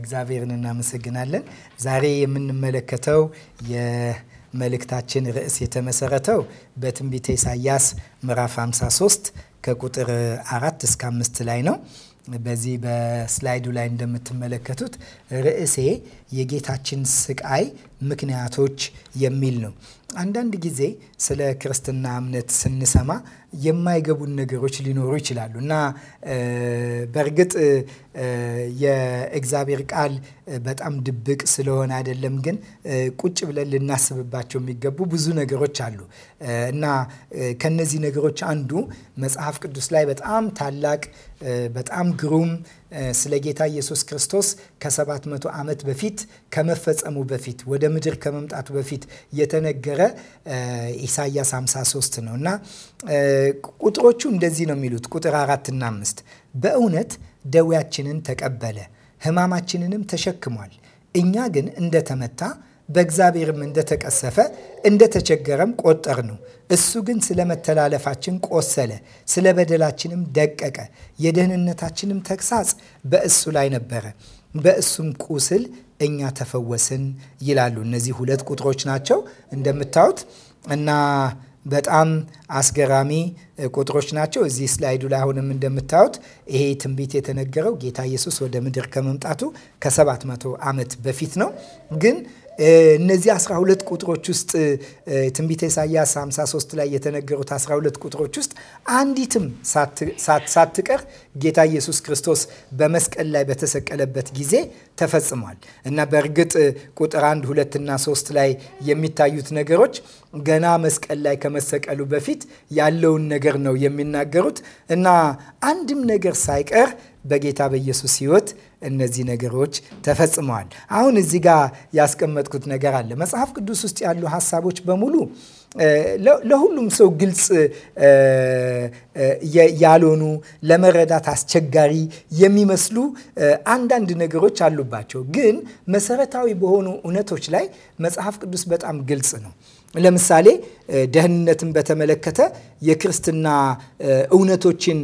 እግዚአብሔርን እናመሰግናለን። ዛሬ የምንመለከተው የመልእክታችን ርዕስ የተመሰረተው በትንቢተ ኢሳያስ ምዕራፍ 53 ከቁጥር አራት እስከ አምስት ላይ ነው። በዚህ በስላይዱ ላይ እንደምትመለከቱት ርዕሴ የጌታችን ስቃይ ምክንያቶች የሚል ነው። አንዳንድ ጊዜ ስለ ክርስትና እምነት ስንሰማ የማይገቡን ነገሮች ሊኖሩ ይችላሉ እና በእርግጥ የእግዚአብሔር ቃል በጣም ድብቅ ስለሆነ አይደለም፣ ግን ቁጭ ብለን ልናስብባቸው የሚገቡ ብዙ ነገሮች አሉ እና ከነዚህ ነገሮች አንዱ መጽሐፍ ቅዱስ ላይ በጣም ታላቅ በጣም ግሩም ስለ ጌታ ኢየሱስ ክርስቶስ ከ700 ዓመት በፊት ከመፈጸሙ በፊት ወደ ምድር ከመምጣቱ በፊት የተነገረ ኢሳያስ 53 ነው እና ቁጥሮቹ እንደዚህ ነው የሚሉት ቁጥር አራትና አምስት በእውነት ደዌያችንን ተቀበለ ህማማችንንም ተሸክሟል እኛ ግን እንደተመታ በእግዚአብሔርም እንደተቀሰፈ እንደተቸገረም ቆጠር ነው። እሱ ግን ስለ መተላለፋችን ቆሰለ፣ ስለ በደላችንም ደቀቀ። የደህንነታችንም ተግሳጽ በእሱ ላይ ነበረ፣ በእሱም ቁስል እኛ ተፈወስን ይላሉ። እነዚህ ሁለት ቁጥሮች ናቸው እንደምታዩት እና በጣም አስገራሚ ቁጥሮች ናቸው። እዚህ ስላይዱ ላይ አሁንም እንደምታዩት ይሄ ትንቢት የተነገረው ጌታ ኢየሱስ ወደ ምድር ከመምጣቱ ከሰባት መቶ ዓመት በፊት ነው ግን እነዚህ 12 ቁጥሮች ውስጥ ትንቢተ ኢሳያስ 53 ላይ የተነገሩት 12 ቁጥሮች ውስጥ አንዲትም ሳትቀር ጌታ ኢየሱስ ክርስቶስ በመስቀል ላይ በተሰቀለበት ጊዜ ተፈጽሟል እና በእርግጥ ቁጥር 1፣ 2 እና 3 ላይ የሚታዩት ነገሮች ገና መስቀል ላይ ከመሰቀሉ በፊት ያለውን ነገር ነው የሚናገሩት እና አንድም ነገር ሳይቀር በጌታ በኢየሱስ ህይወት እነዚህ ነገሮች ተፈጽመዋል። አሁን እዚህ ጋር ያስቀመጥኩት ነገር አለ። መጽሐፍ ቅዱስ ውስጥ ያሉ ሀሳቦች በሙሉ ለሁሉም ሰው ግልጽ ያልሆኑ ለመረዳት አስቸጋሪ የሚመስሉ አንዳንድ ነገሮች አሉባቸው። ግን መሰረታዊ በሆኑ እውነቶች ላይ መጽሐፍ ቅዱስ በጣም ግልጽ ነው። ለምሳሌ ደህንነትን በተመለከተ የክርስትና እውነቶችን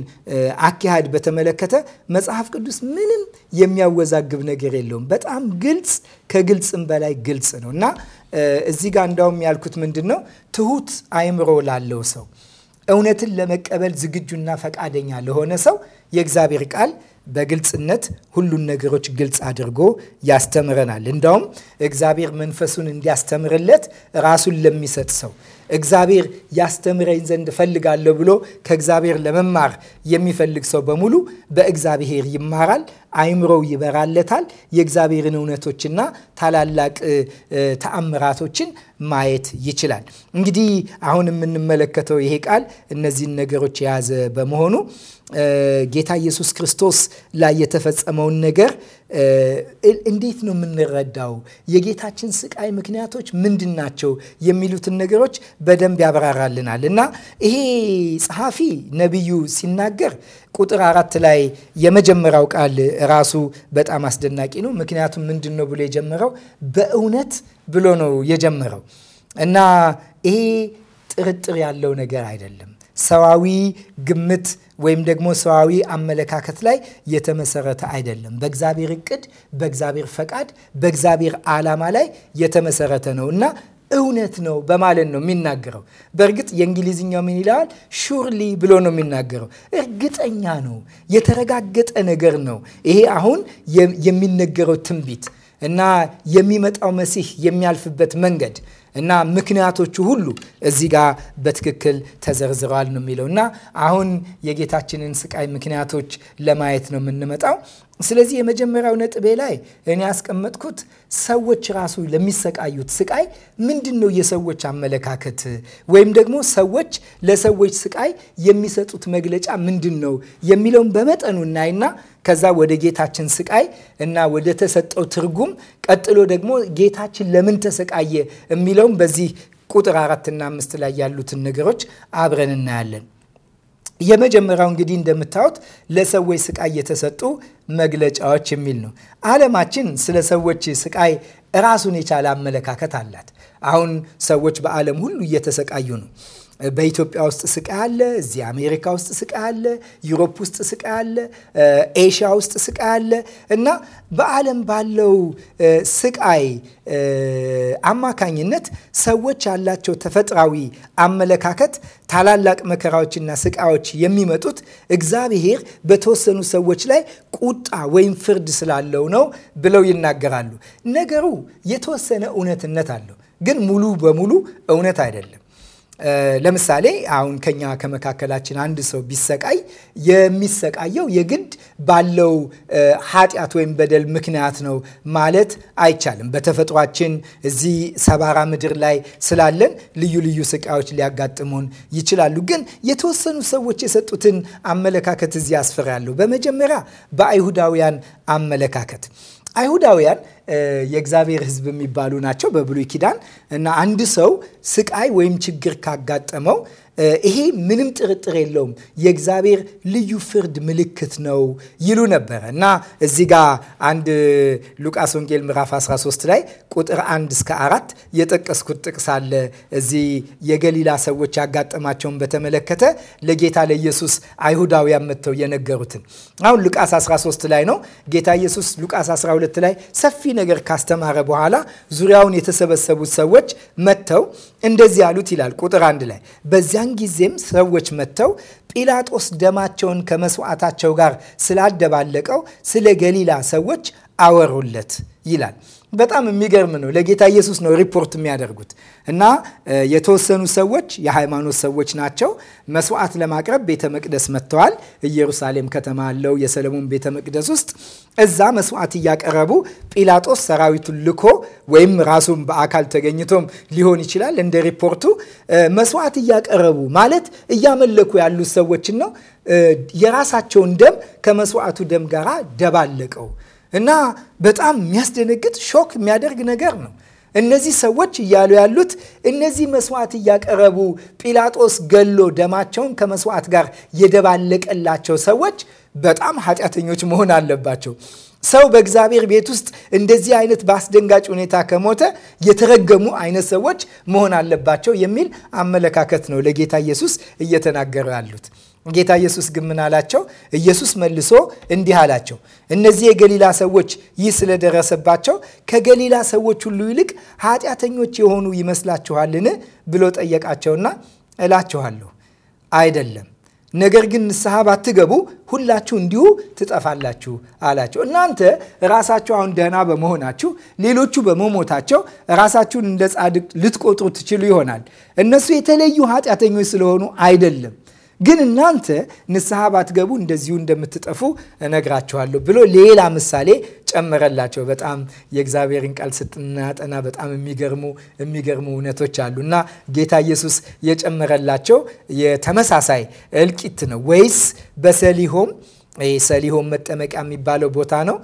አካሄድ በተመለከተ መጽሐፍ ቅዱስ ምንም የሚያወዛግብ ነገር የለውም። በጣም ግልጽ ከግልጽም በላይ ግልጽ ነው እና እዚህ ጋር እንዳውም ያልኩት ምንድን ነው ትሁት አይምሮ ላለው ሰው እውነትን ለመቀበል ዝግጁና ፈቃደኛ ለሆነ ሰው የእግዚአብሔር ቃል በግልጽነት ሁሉን ነገሮች ግልጽ አድርጎ ያስተምረናል። እንዳውም እግዚአብሔር መንፈሱን እንዲያስተምርለት ራሱን ለሚሰጥ ሰው እግዚአብሔር ያስተምረኝ ዘንድ እፈልጋለሁ ብሎ ከእግዚአብሔር ለመማር የሚፈልግ ሰው በሙሉ በእግዚአብሔር ይማራል፣ አይምሮው ይበራለታል። የእግዚአብሔርን እውነቶችና ታላላቅ ተአምራቶችን ማየት ይችላል። እንግዲህ አሁን የምንመለከተው ይሄ ቃል እነዚህን ነገሮች የያዘ በመሆኑ ጌታ ኢየሱስ ክርስቶስ ላይ የተፈጸመውን ነገር እንዴት ነው የምንረዳው? የጌታችን ስቃይ ምክንያቶች ምንድን ናቸው? የሚሉትን ነገሮች በደንብ ያብራራልናል እና ይሄ ጸሐፊ ነቢዩ ሲናገር ቁጥር አራት ላይ የመጀመሪያው ቃል ራሱ በጣም አስደናቂ ነው። ምክንያቱም ምንድን ነው ብሎ የጀመረው በእውነት ብሎ ነው የጀመረው እና ይሄ ጥርጥር ያለው ነገር አይደለም። ሰዋዊ ግምት ወይም ደግሞ ሰዋዊ አመለካከት ላይ የተመሰረተ አይደለም። በእግዚአብሔር እቅድ፣ በእግዚአብሔር ፈቃድ፣ በእግዚአብሔር ዓላማ ላይ የተመሰረተ ነው እና እውነት ነው በማለት ነው የሚናገረው። በእርግጥ የእንግሊዝኛው ምን ይለዋል? ሹርሊ ብሎ ነው የሚናገረው። እርግጠኛ ነው፣ የተረጋገጠ ነገር ነው። ይሄ አሁን የሚነገረው ትንቢት እና የሚመጣው መሲህ የሚያልፍበት መንገድ እና ምክንያቶቹ ሁሉ እዚህ ጋር በትክክል ተዘርዝረዋል ነው የሚለው እና አሁን የጌታችንን ስቃይ ምክንያቶች ለማየት ነው የምንመጣው። ስለዚህ የመጀመሪያው ነጥቤ ላይ እኔ ያስቀመጥኩት ሰዎች ራሱ ለሚሰቃዩት ስቃይ ምንድን ነው የሰዎች አመለካከት ወይም ደግሞ ሰዎች ለሰዎች ስቃይ የሚሰጡት መግለጫ ምንድን ነው የሚለውን በመጠኑ እናይና ከዛ ወደ ጌታችን ስቃይ እና ወደ ተሰጠው ትርጉም ቀጥሎ ደግሞ ጌታችን ለምን ተሰቃየ የሚለውን በዚህ ቁጥር አራትና አምስት ላይ ያሉትን ነገሮች አብረን እናያለን። የመጀመሪያው እንግዲህ እንደምታዩት ለሰዎች ስቃይ የተሰጡ መግለጫዎች የሚል ነው። ዓለማችን ስለ ሰዎች ስቃይ ራሱን የቻለ አመለካከት አላት። አሁን ሰዎች በዓለም ሁሉ እየተሰቃዩ ነው። በኢትዮጵያ ውስጥ ስቃይ አለ። እዚህ አሜሪካ ውስጥ ስቃይ አለ። ዩሮፕ ውስጥ ስቃይ አለ። ኤሽያ ውስጥ ስቃይ አለ እና በዓለም ባለው ስቃይ አማካኝነት ሰዎች ያላቸው ተፈጥሯዊ አመለካከት ታላላቅ መከራዎችና ስቃዮች የሚመጡት እግዚአብሔር በተወሰኑ ሰዎች ላይ ቁጣ ወይም ፍርድ ስላለው ነው ብለው ይናገራሉ። ነገሩ የተወሰነ እውነትነት አለው፣ ግን ሙሉ በሙሉ እውነት አይደለም። ለምሳሌ አሁን ከኛ ከመካከላችን አንድ ሰው ቢሰቃይ የሚሰቃየው የግድ ባለው ኃጢአት ወይም በደል ምክንያት ነው ማለት አይቻልም። በተፈጥሯችን እዚህ ሰባራ ምድር ላይ ስላለን ልዩ ልዩ ስቃዮች ሊያጋጥሙን ይችላሉ። ግን የተወሰኑ ሰዎች የሰጡትን አመለካከት እዚህ ያስፈራለሁ። በመጀመሪያ በአይሁዳውያን አመለካከት አይሁዳውያን የእግዚአብሔር ሕዝብ የሚባሉ ናቸው በብሉይ ኪዳን እና አንድ ሰው ስቃይ ወይም ችግር ካጋጠመው ይሄ ምንም ጥርጥር የለውም የእግዚአብሔር ልዩ ፍርድ ምልክት ነው ይሉ ነበረ እና እዚህ ጋ አንድ ሉቃስ ወንጌል ምዕራፍ 13 ላይ ቁጥር 1 እስከ 4 የጠቀስኩት ጥቅስ አለ። እዚህ የገሊላ ሰዎች ያጋጠማቸውን በተመለከተ ለጌታ ለኢየሱስ አይሁዳውያን መጥተው የነገሩትን አሁን ሉቃስ 13 ላይ ነው። ጌታ ኢየሱስ ሉቃስ 12 ላይ ሰፊ ነገር ካስተማረ በኋላ ዙሪያውን የተሰበሰቡት ሰዎች መጥተው እንደዚህ አሉት ይላል ቁጥር አንድ ላይ በዚያን ጊዜም ሰዎች መጥተው ጲላጦስ ደማቸውን ከመስዋዕታቸው ጋር ስላደባለቀው ስለ ገሊላ ሰዎች አወሩለት ይላል። በጣም የሚገርም ነው። ለጌታ ኢየሱስ ነው ሪፖርት የሚያደርጉት እና የተወሰኑ ሰዎች የሃይማኖት ሰዎች ናቸው። መስዋዕት ለማቅረብ ቤተ መቅደስ መጥተዋል። ኢየሩሳሌም ከተማ አለው የሰለሞን ቤተ መቅደስ ውስጥ እዛ መስዋዕት እያቀረቡ ጲላጦስ ሰራዊቱን ልኮ ወይም ራሱን በአካል ተገኝቶም ሊሆን ይችላል። እንደ ሪፖርቱ መስዋዕት እያቀረቡ ማለት እያመለኩ ያሉት ሰዎችን ነው። የራሳቸውን ደም ከመስዋዕቱ ደም ጋር ደባለቀው። እና በጣም የሚያስደነግጥ ሾክ የሚያደርግ ነገር ነው። እነዚህ ሰዎች እያሉ ያሉት እነዚህ መስዋዕት እያቀረቡ ጲላጦስ ገሎ ደማቸውን ከመስዋዕት ጋር የደባለቀላቸው ሰዎች በጣም ኃጢአተኞች መሆን አለባቸው። ሰው በእግዚአብሔር ቤት ውስጥ እንደዚህ አይነት በአስደንጋጭ ሁኔታ ከሞተ የተረገሙ አይነት ሰዎች መሆን አለባቸው የሚል አመለካከት ነው ለጌታ ኢየሱስ እየተናገሩ ያሉት። ጌታ ኢየሱስ ግን ምን አላቸው? ኢየሱስ መልሶ እንዲህ አላቸው፣ እነዚህ የገሊላ ሰዎች ይህ ስለደረሰባቸው ከገሊላ ሰዎች ሁሉ ይልቅ ኃጢአተኞች የሆኑ ይመስላችኋልን? ብሎ ጠየቃቸውና እላችኋለሁ አይደለም፣ ነገር ግን ንስሐ ባትገቡ ሁላችሁ እንዲሁ ትጠፋላችሁ አላቸው። እናንተ ራሳችሁ አሁን ደህና በመሆናችሁ ሌሎቹ በመሞታቸው ራሳችሁን እንደ ጻድቅ ልትቆጥሩ ትችሉ ይሆናል። እነሱ የተለዩ ኃጢአተኞች ስለሆኑ አይደለም ግን እናንተ ንስሐ ባትገቡ እንደዚሁ እንደምትጠፉ እነግራችኋለሁ ብሎ ሌላ ምሳሌ ጨመረላቸው። በጣም የእግዚአብሔርን ቃል ስናጠና በጣም የሚገርሙ የሚገርሙ እውነቶች አሉ እና ጌታ ኢየሱስ የጨመረላቸው የተመሳሳይ እልቂት ነው ወይስ በሰሊሆም ሰሊሆም መጠመቂያ የሚባለው ቦታ ነው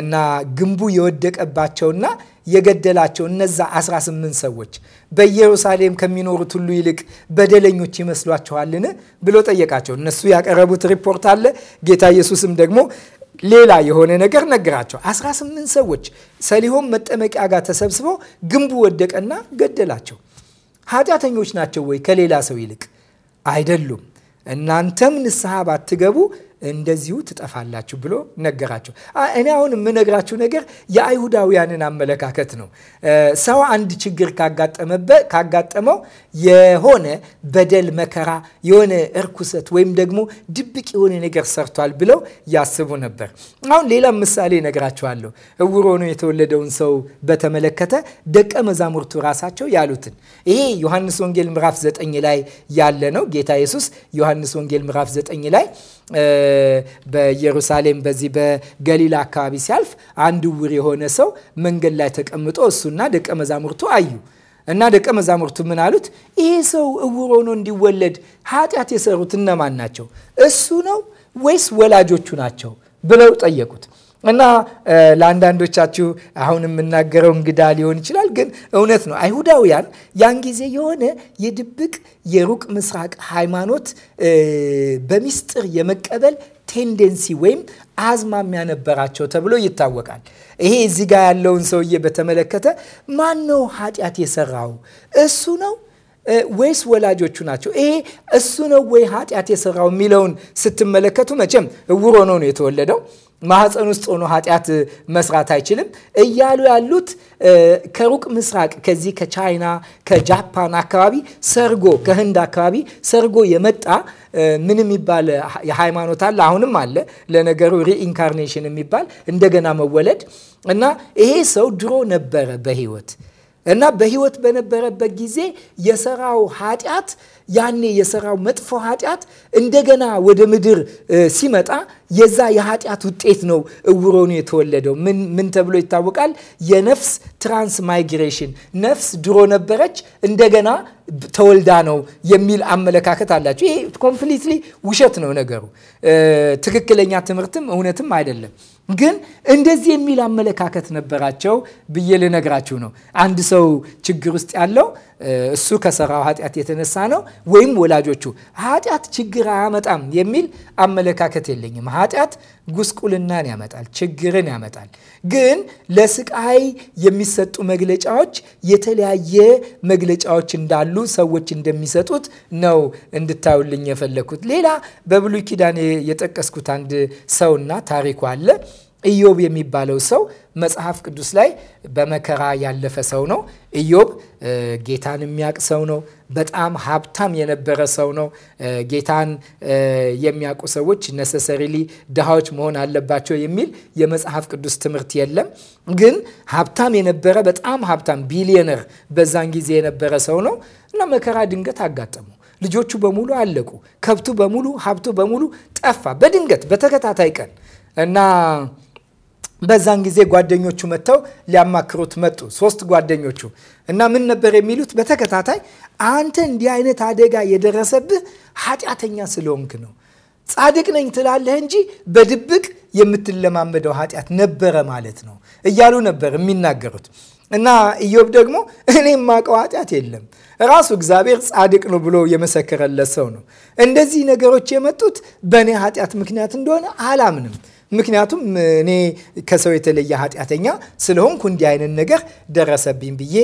እና ግንቡ የወደቀባቸውና የገደላቸው እነዛ 18 ሰዎች በኢየሩሳሌም ከሚኖሩት ሁሉ ይልቅ በደለኞች ይመስሏችኋልን ብሎ ጠየቃቸው። እነሱ ያቀረቡት ሪፖርት አለ። ጌታ ኢየሱስም ደግሞ ሌላ የሆነ ነገር ነገራቸው። 18 ሰዎች ሰሊሆም መጠመቂያ ጋር ተሰብስበው ግንቡ ወደቀና ገደላቸው። ኃጢአተኞች ናቸው ወይ ከሌላ ሰው ይልቅ? አይደሉም። እናንተም ንስሐ ባትገቡ እንደዚሁ ትጠፋላችሁ ብሎ ነገራቸው። እኔ አሁን የምነግራችሁ ነገር የአይሁዳውያንን አመለካከት ነው። ሰው አንድ ችግር ካጋጠመው የሆነ በደል፣ መከራ፣ የሆነ እርኩሰት ወይም ደግሞ ድብቅ የሆነ ነገር ሰርቷል ብለው ያስቡ ነበር። አሁን ሌላም ምሳሌ እነግራችኋለሁ። እውሮ ነው የተወለደውን ሰው በተመለከተ ደቀ መዛሙርቱ ራሳቸው ያሉትን ይሄ ዮሐንስ ወንጌል ምዕራፍ ዘጠኝ ላይ ያለ ነው። ጌታ ኢየሱስ ዮሐንስ ወንጌል ምዕራፍ ዘጠኝ ላይ በኢየሩሳሌም በዚህ በገሊላ አካባቢ ሲያልፍ አንድ ውር የሆነ ሰው መንገድ ላይ ተቀምጦ እሱና ደቀ መዛሙርቱ አዩ እና ደቀ መዛሙርቱ ምን አሉት? ይሄ ሰው እውር ሆኖ እንዲወለድ ኃጢአት የሰሩት እነማን ናቸው? እሱ ነው ወይስ ወላጆቹ ናቸው ብለው ጠየቁት። እና ለአንዳንዶቻችሁ አሁን የምናገረው እንግዳ ሊሆን ይችላል፣ ግን እውነት ነው። አይሁዳውያን ያን ጊዜ የሆነ የድብቅ የሩቅ ምስራቅ ሃይማኖት በሚስጥር የመቀበል ቴንደንሲ ወይም አዝማሚያ ነበራቸው ተብሎ ይታወቃል። ይሄ እዚህ ጋ ያለውን ሰውዬ በተመለከተ ማን ነው ኃጢአት የሰራው? እሱ ነው ወይስ ወላጆቹ ናቸው? ይሄ እሱ ነው ወይ ኃጢአት የሰራው የሚለውን ስትመለከቱ መቼም እውር ነው ነው የተወለደው። ማህፀን ውስጥ ሆኖ ኃጢአት መስራት አይችልም እያሉ ያሉት ከሩቅ ምስራቅ ከዚህ ከቻይና ከጃፓን አካባቢ ሰርጎ ከህንድ አካባቢ ሰርጎ የመጣ ምን የሚባል ሃይማኖት አለ፣ አሁንም አለ ለነገሩ ሪኢንካርኔሽን የሚባል እንደገና መወለድ እና ይሄ ሰው ድሮ ነበረ በህይወት እና በህይወት በነበረበት ጊዜ የሰራው ኃጢአት ያኔ የሰራው መጥፎ ኃጢአት እንደገና ወደ ምድር ሲመጣ የዛ የኃጢአት ውጤት ነው። እውሮኑ የተወለደው ምን ተብሎ ይታወቃል? የነፍስ ትራንስ ማይግሬሽን። ነፍስ ድሮ ነበረች እንደገና ተወልዳ ነው የሚል አመለካከት አላቸው። ይሄ ኮምፕሊትሊ ውሸት ነው ነገሩ። ትክክለኛ ትምህርትም እውነትም አይደለም። ግን እንደዚህ የሚል አመለካከት ነበራቸው ብዬ ልነግራችሁ ነው። አንድ ሰው ችግር ውስጥ ያለው እሱ ከሰራው ኃጢአት የተነሳ ነው ወይም ወላጆቹ። ኃጢአት ችግር አያመጣም የሚል አመለካከት የለኝም። ኃጢአት ጉስቁልናን ያመጣል፣ ችግርን ያመጣል። ግን ለስቃይ የሚሰጡ መግለጫዎች የተለያየ መግለጫዎች እንዳሉ ሰዎች እንደሚሰጡት ነው እንድታዩልኝ የፈለኩት። ሌላ በብሉይ ኪዳን የጠቀስኩት አንድ ሰውና ታሪኩ አለ። ኢዮብ የሚባለው ሰው መጽሐፍ ቅዱስ ላይ በመከራ ያለፈ ሰው ነው። ኢዮብ ጌታን የሚያውቅ ሰው ነው። በጣም ሀብታም የነበረ ሰው ነው። ጌታን የሚያውቁ ሰዎች ነሰሰሪሊ ድሃዎች መሆን አለባቸው የሚል የመጽሐፍ ቅዱስ ትምህርት የለም። ግን ሀብታም የነበረ በጣም ሀብታም ቢሊዮነር በዛን ጊዜ የነበረ ሰው ነው እና መከራ ድንገት አጋጠመው። ልጆቹ በሙሉ አለቁ። ከብቱ በሙሉ ሀብቱ በሙሉ ጠፋ በድንገት በተከታታይ ቀን እና በዛን ጊዜ ጓደኞቹ መጥተው ሊያማክሩት መጡ። ሶስት ጓደኞቹ እና ምን ነበር የሚሉት? በተከታታይ አንተ እንዲህ አይነት አደጋ የደረሰብህ ኃጢአተኛ ስለሆንክ ነው። ጻድቅ ነኝ ትላለህ እንጂ በድብቅ የምትለማመደው ኃጢአት ነበረ ማለት ነው እያሉ ነበር የሚናገሩት። እና ኢዮብ ደግሞ እኔ የማውቀው ኃጢአት የለም ራሱ እግዚአብሔር ጻድቅ ነው ብሎ የመሰከረለት ሰው ነው። እንደዚህ ነገሮች የመጡት በእኔ ኃጢአት ምክንያት እንደሆነ አላምንም ምክንያቱም እኔ ከሰው የተለየ ኃጢአተኛ ስለሆንኩ እንዲህ አይነት ነገር ደረሰብኝ ብዬ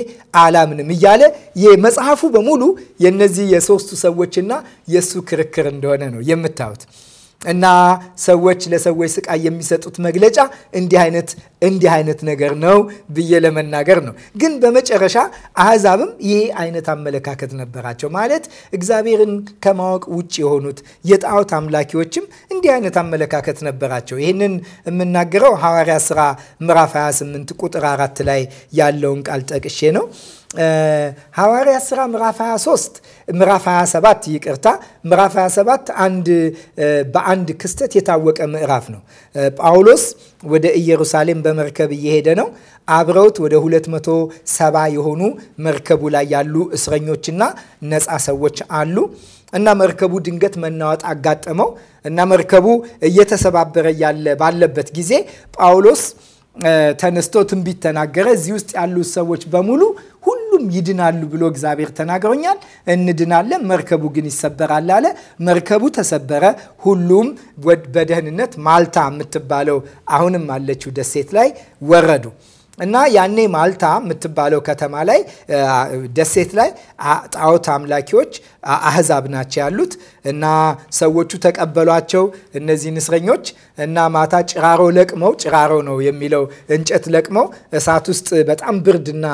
አላምንም እያለ መጽሐፉ በሙሉ የነዚህ የሶስቱ ሰዎችና የእሱ ክርክር እንደሆነ ነው የምታዩት። እና ሰዎች ለሰዎች ስቃይ የሚሰጡት መግለጫ እንዲህ አይነት እንዲህ አይነት ነገር ነው ብዬ ለመናገር ነው። ግን በመጨረሻ አህዛብም ይህ አይነት አመለካከት ነበራቸው። ማለት እግዚአብሔርን ከማወቅ ውጭ የሆኑት የጣዖት አምላኪዎችም እንዲህ አይነት አመለካከት ነበራቸው። ይህንን የምናገረው ሐዋርያ ሥራ ምዕራፍ 28 ቁጥር አራት ላይ ያለውን ቃል ጠቅሼ ነው። ሐዋርያት ሥራ ምዕራፍ 23 ምዕራፍ 27 ይቅርታ፣ ምዕራፍ 27 አንድ በአንድ ክስተት የታወቀ ምዕራፍ ነው። ጳውሎስ ወደ ኢየሩሳሌም በመርከብ እየሄደ ነው። አብረውት ወደ 270 የሆኑ መርከቡ ላይ ያሉ እስረኞችና ነፃ ሰዎች አሉ እና መርከቡ ድንገት መናወጥ አጋጠመው እና መርከቡ እየተሰባበረ ያለ ባለበት ጊዜ ጳውሎስ ተነስቶ ትንቢት ተናገረ። እዚህ ውስጥ ያሉት ሰዎች በሙሉ ሁሉም ይድናሉ ብሎ እግዚአብሔር ተናግሮኛል። እንድናለን፣ መርከቡ ግን ይሰበራል አለ። መርከቡ ተሰበረ። ሁሉም በደህንነት ማልታ የምትባለው አሁንም አለችው ደሴት ላይ ወረዱ። እና ያኔ ማልታ የምትባለው ከተማ ላይ ደሴት ላይ ጣዖት አምላኪዎች አህዛብ ናቸው ያሉት እና ሰዎቹ ተቀበሏቸው እነዚህን እስረኞች እና ማታ ጭራሮ ለቅመው ጭራሮ ነው የሚለው እንጨት ለቅመው እሳት ውስጥ በጣም ብርድና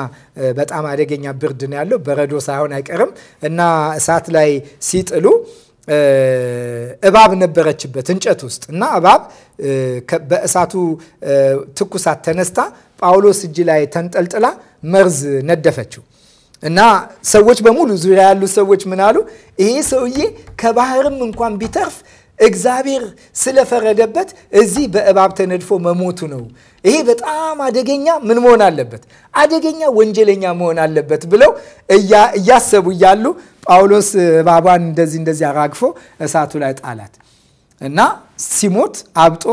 በጣም አደገኛ ብርድ ነው ያለው በረዶ ሳይሆን አይቀርም እና እሳት ላይ ሲጥሉ እባብ ነበረችበት እንጨት ውስጥ እና እባብ በእሳቱ ትኩሳት ተነስታ ጳውሎስ እጅ ላይ ተንጠልጥላ መርዝ ነደፈችው እና ሰዎች በሙሉ ዙሪያ ያሉ ሰዎች ምን አሉ? ይሄ ሰውዬ ከባህርም እንኳን ቢተርፍ እግዚአብሔር ስለፈረደበት እዚህ በእባብ ተነድፎ መሞቱ ነው። ይሄ በጣም አደገኛ ምን መሆን አለበት? አደገኛ ወንጀለኛ መሆን አለበት ብለው እያሰቡ እያሉ ጳውሎስ እባቧን እንደዚህ እንደዚህ አራግፎ እሳቱ ላይ ጣላት እና ሲሞት አብጦ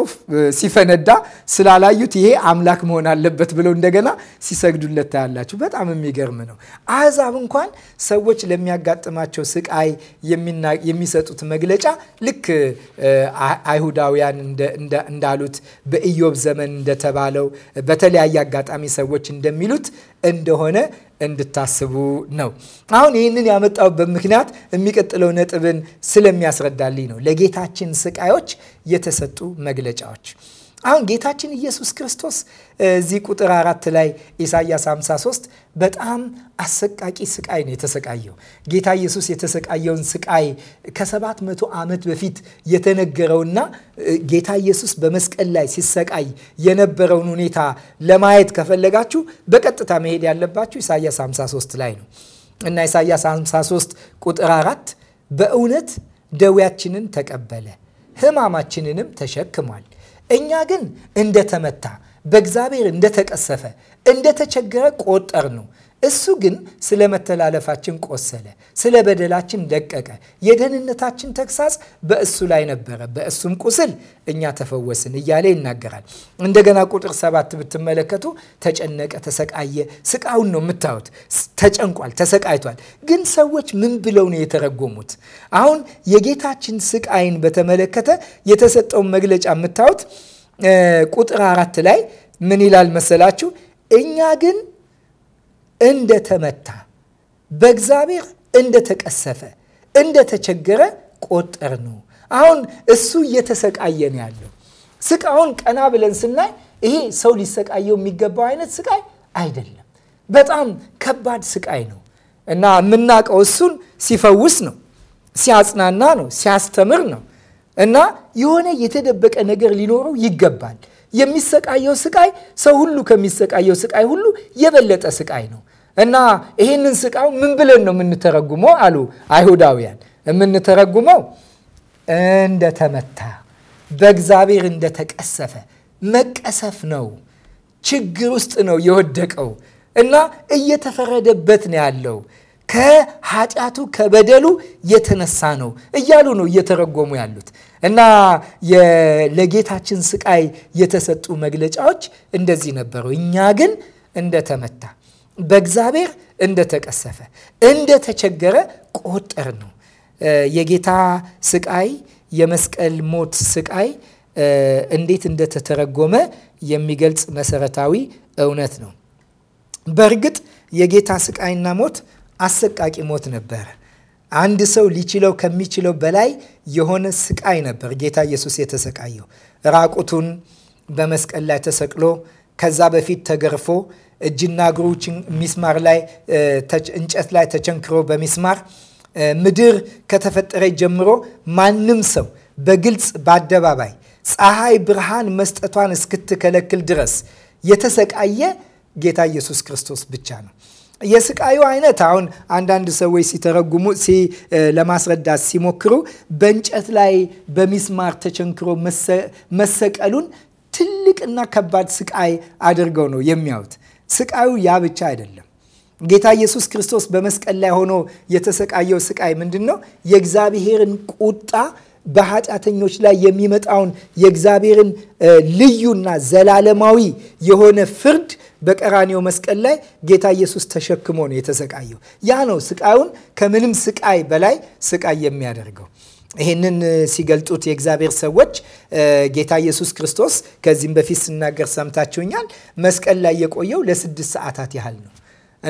ሲፈነዳ ስላላዩት ይሄ አምላክ መሆን አለበት ብለው እንደገና ሲሰግዱለት ታያላችሁ። በጣም የሚገርም ነው። አሕዛብ እንኳን ሰዎች ለሚያጋጥማቸው ስቃይ የሚሰጡት መግለጫ ልክ አይሁዳውያን እንዳሉት በኢዮብ ዘመን እንደተባለው በተለያየ አጋጣሚ ሰዎች እንደሚሉት እንደሆነ እንድታስቡ ነው። አሁን ይህንን ያመጣሁበት ምክንያት የሚቀጥለው ነጥብን ስለሚያስረዳልኝ ነው። ለጌታችን ስቃዮች የተሰጡ መግለጫዎች። አሁን ጌታችን ኢየሱስ ክርስቶስ እዚህ ቁጥር አራት ላይ ኢሳያስ 53 በጣም አሰቃቂ ስቃይ ነው የተሰቃየው። ጌታ ኢየሱስ የተሰቃየውን ስቃይ ከሰባት መቶ ዓመት በፊት የተነገረውና ጌታ ኢየሱስ በመስቀል ላይ ሲሰቃይ የነበረውን ሁኔታ ለማየት ከፈለጋችሁ በቀጥታ መሄድ ያለባችሁ ኢሳያስ 53 ላይ ነው እና ኢሳያስ 53 ቁጥር አራት በእውነት ደዌያችንን ተቀበለ ሕማማችንንም ተሸክሟል። እኛ ግን እንደተመታ በእግዚአብሔር እንደተቀሰፈ እንደተቸገረ ቆጠር ነው። እሱ ግን ስለ መተላለፋችን ቆሰለ፣ ስለ በደላችን ደቀቀ። የደህንነታችን ተግሳጽ በእሱ ላይ ነበረ፣ በእሱም ቁስል እኛ ተፈወስን እያለ ይናገራል። እንደገና ቁጥር ሰባት ብትመለከቱ ተጨነቀ፣ ተሰቃየ። ስቃውን ነው የምታዩት። ተጨንቋል፣ ተሰቃይቷል። ግን ሰዎች ምን ብለው ነው የተረጎሙት? አሁን የጌታችን ስቃይን በተመለከተ የተሰጠውን መግለጫ የምታዩት ቁጥር አራት ላይ ምን ይላል መሰላችሁ? እኛ ግን እንደተመታ በእግዚአብሔር እንደተቀሰፈ እንደተቸገረ ቆጠር ነው። አሁን እሱ እየተሰቃየ ነው ያለው። ስቃውን ቀና ብለን ስናይ ይሄ ሰው ሊሰቃየው የሚገባው አይነት ስቃይ አይደለም። በጣም ከባድ ስቃይ ነው እና የምናውቀው እሱን ሲፈውስ ነው፣ ሲያጽናና ነው፣ ሲያስተምር ነው እና የሆነ የተደበቀ ነገር ሊኖረው ይገባል። የሚሰቃየው ስቃይ ሰው ሁሉ ከሚሰቃየው ስቃይ ሁሉ የበለጠ ስቃይ ነው። እና ይህንን ስቃው ምን ብለን ነው የምንተረጉመው? አሉ አይሁዳውያን። የምንተረጉመው እንደተመታ በእግዚአብሔር እንደተቀሰፈ መቀሰፍ ነው። ችግር ውስጥ ነው የወደቀው እና እየተፈረደበት ነው ያለው ከኃጢአቱ ከበደሉ የተነሳ ነው እያሉ ነው እየተረጎሙ ያሉት እና ለጌታችን ስቃይ የተሰጡ መግለጫዎች እንደዚህ ነበሩ። እኛ ግን እንደተመታ በእግዚአብሔር እንደተቀሰፈ እንደተቸገረ ቆጠር ነው። የጌታ ስቃይ የመስቀል ሞት ስቃይ እንዴት እንደተተረጎመ የሚገልጽ መሰረታዊ እውነት ነው። በእርግጥ የጌታ ስቃይና ሞት አሰቃቂ ሞት ነበረ። አንድ ሰው ሊችለው ከሚችለው በላይ የሆነ ስቃይ ነበር ጌታ ኢየሱስ የተሰቃየው። ራቁቱን በመስቀል ላይ ተሰቅሎ ከዛ በፊት ተገርፎ እጅና እግሩ ሚስማር ላይ እንጨት ላይ ተቸንክሮ በሚስማር ምድር ከተፈጠረ ጀምሮ ማንም ሰው በግልጽ በአደባባይ ፀሐይ ብርሃን መስጠቷን እስክትከለክል ድረስ የተሰቃየ ጌታ ኢየሱስ ክርስቶስ ብቻ ነው። የስቃዩ አይነት አሁን አንዳንድ ሰዎች ሲተረጉሙ ለማስረዳት ሲሞክሩ በእንጨት ላይ በሚስማር ተቸንክሮ መሰቀሉን ትልቅና ከባድ ስቃይ አድርገው ነው የሚያዩት። ስቃዩ ያ ብቻ አይደለም። ጌታ ኢየሱስ ክርስቶስ በመስቀል ላይ ሆኖ የተሰቃየው ስቃይ ምንድን ነው? የእግዚአብሔርን ቁጣ በኃጢአተኞች ላይ የሚመጣውን የእግዚአብሔርን ልዩና ዘላለማዊ የሆነ ፍርድ በቀራኔው መስቀል ላይ ጌታ ኢየሱስ ተሸክሞ ነው የተሰቃየው። ያ ነው ስቃዩን ከምንም ስቃይ በላይ ስቃይ የሚያደርገው። ይህንን ሲገልጡት የእግዚአብሔር ሰዎች ጌታ ኢየሱስ ክርስቶስ ከዚህም በፊት ስናገር ሰምታችሁኛል። መስቀል ላይ የቆየው ለስድስት ሰዓታት ያህል ነው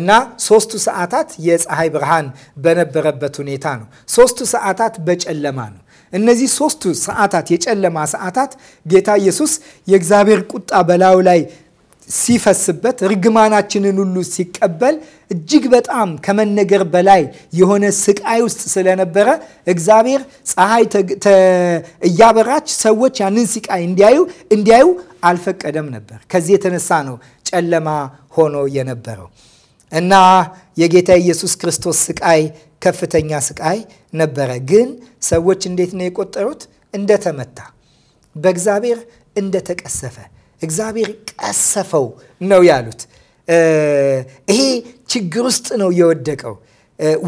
እና ሶስቱ ሰዓታት የፀሐይ ብርሃን በነበረበት ሁኔታ ነው። ሶስቱ ሰዓታት በጨለማ ነው። እነዚህ ሶስቱ ሰዓታት የጨለማ ሰዓታት ጌታ ኢየሱስ የእግዚአብሔር ቁጣ በላዩ ላይ ሲፈስበት ርግማናችንን ሁሉ ሲቀበል እጅግ በጣም ከመነገር በላይ የሆነ ስቃይ ውስጥ ስለነበረ እግዚአብሔር ፀሐይ እያበራች ሰዎች ያንን ስቃይ እንዲያዩ እንዲያዩ አልፈቀደም ነበር። ከዚህ የተነሳ ነው ጨለማ ሆኖ የነበረው እና የጌታ ኢየሱስ ክርስቶስ ስቃይ ከፍተኛ ስቃይ ነበረ። ግን ሰዎች እንዴት ነው የቆጠሩት? እንደተመታ በእግዚአብሔር እንደተቀሰፈ እግዚአብሔር ቀሰፈው ነው ያሉት። ይሄ ችግር ውስጥ ነው የወደቀው።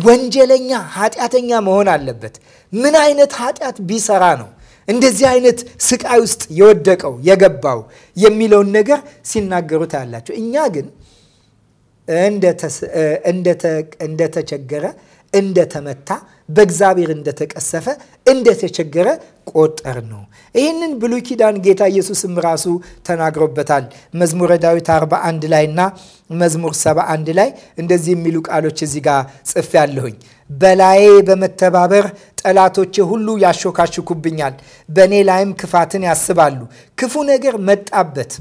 ወንጀለኛ ኃጢአተኛ መሆን አለበት። ምን አይነት ኃጢአት ቢሰራ ነው እንደዚህ አይነት ስቃይ ውስጥ የወደቀው የገባው የሚለውን ነገር ሲናገሩት ያላቸው። እኛ ግን እንደተቸገረ፣ እንደተመታ፣ በእግዚአብሔር እንደተቀሰፈ እንደተቸገረ ቆጠር ነው። ይህንን ብሉይ ኪዳን ጌታ ኢየሱስም ራሱ ተናግሮበታል። መዝሙረ ዳዊት 41 ላይ እና መዝሙር 71 ላይ እንደዚህ የሚሉ ቃሎች እዚህ ጋር ጽፍ ያለሁኝ በላዬ በመተባበር ጠላቶቼ ሁሉ ያሾካሽኩብኛል፣ በእኔ ላይም ክፋትን ያስባሉ። ክፉ ነገር መጣበት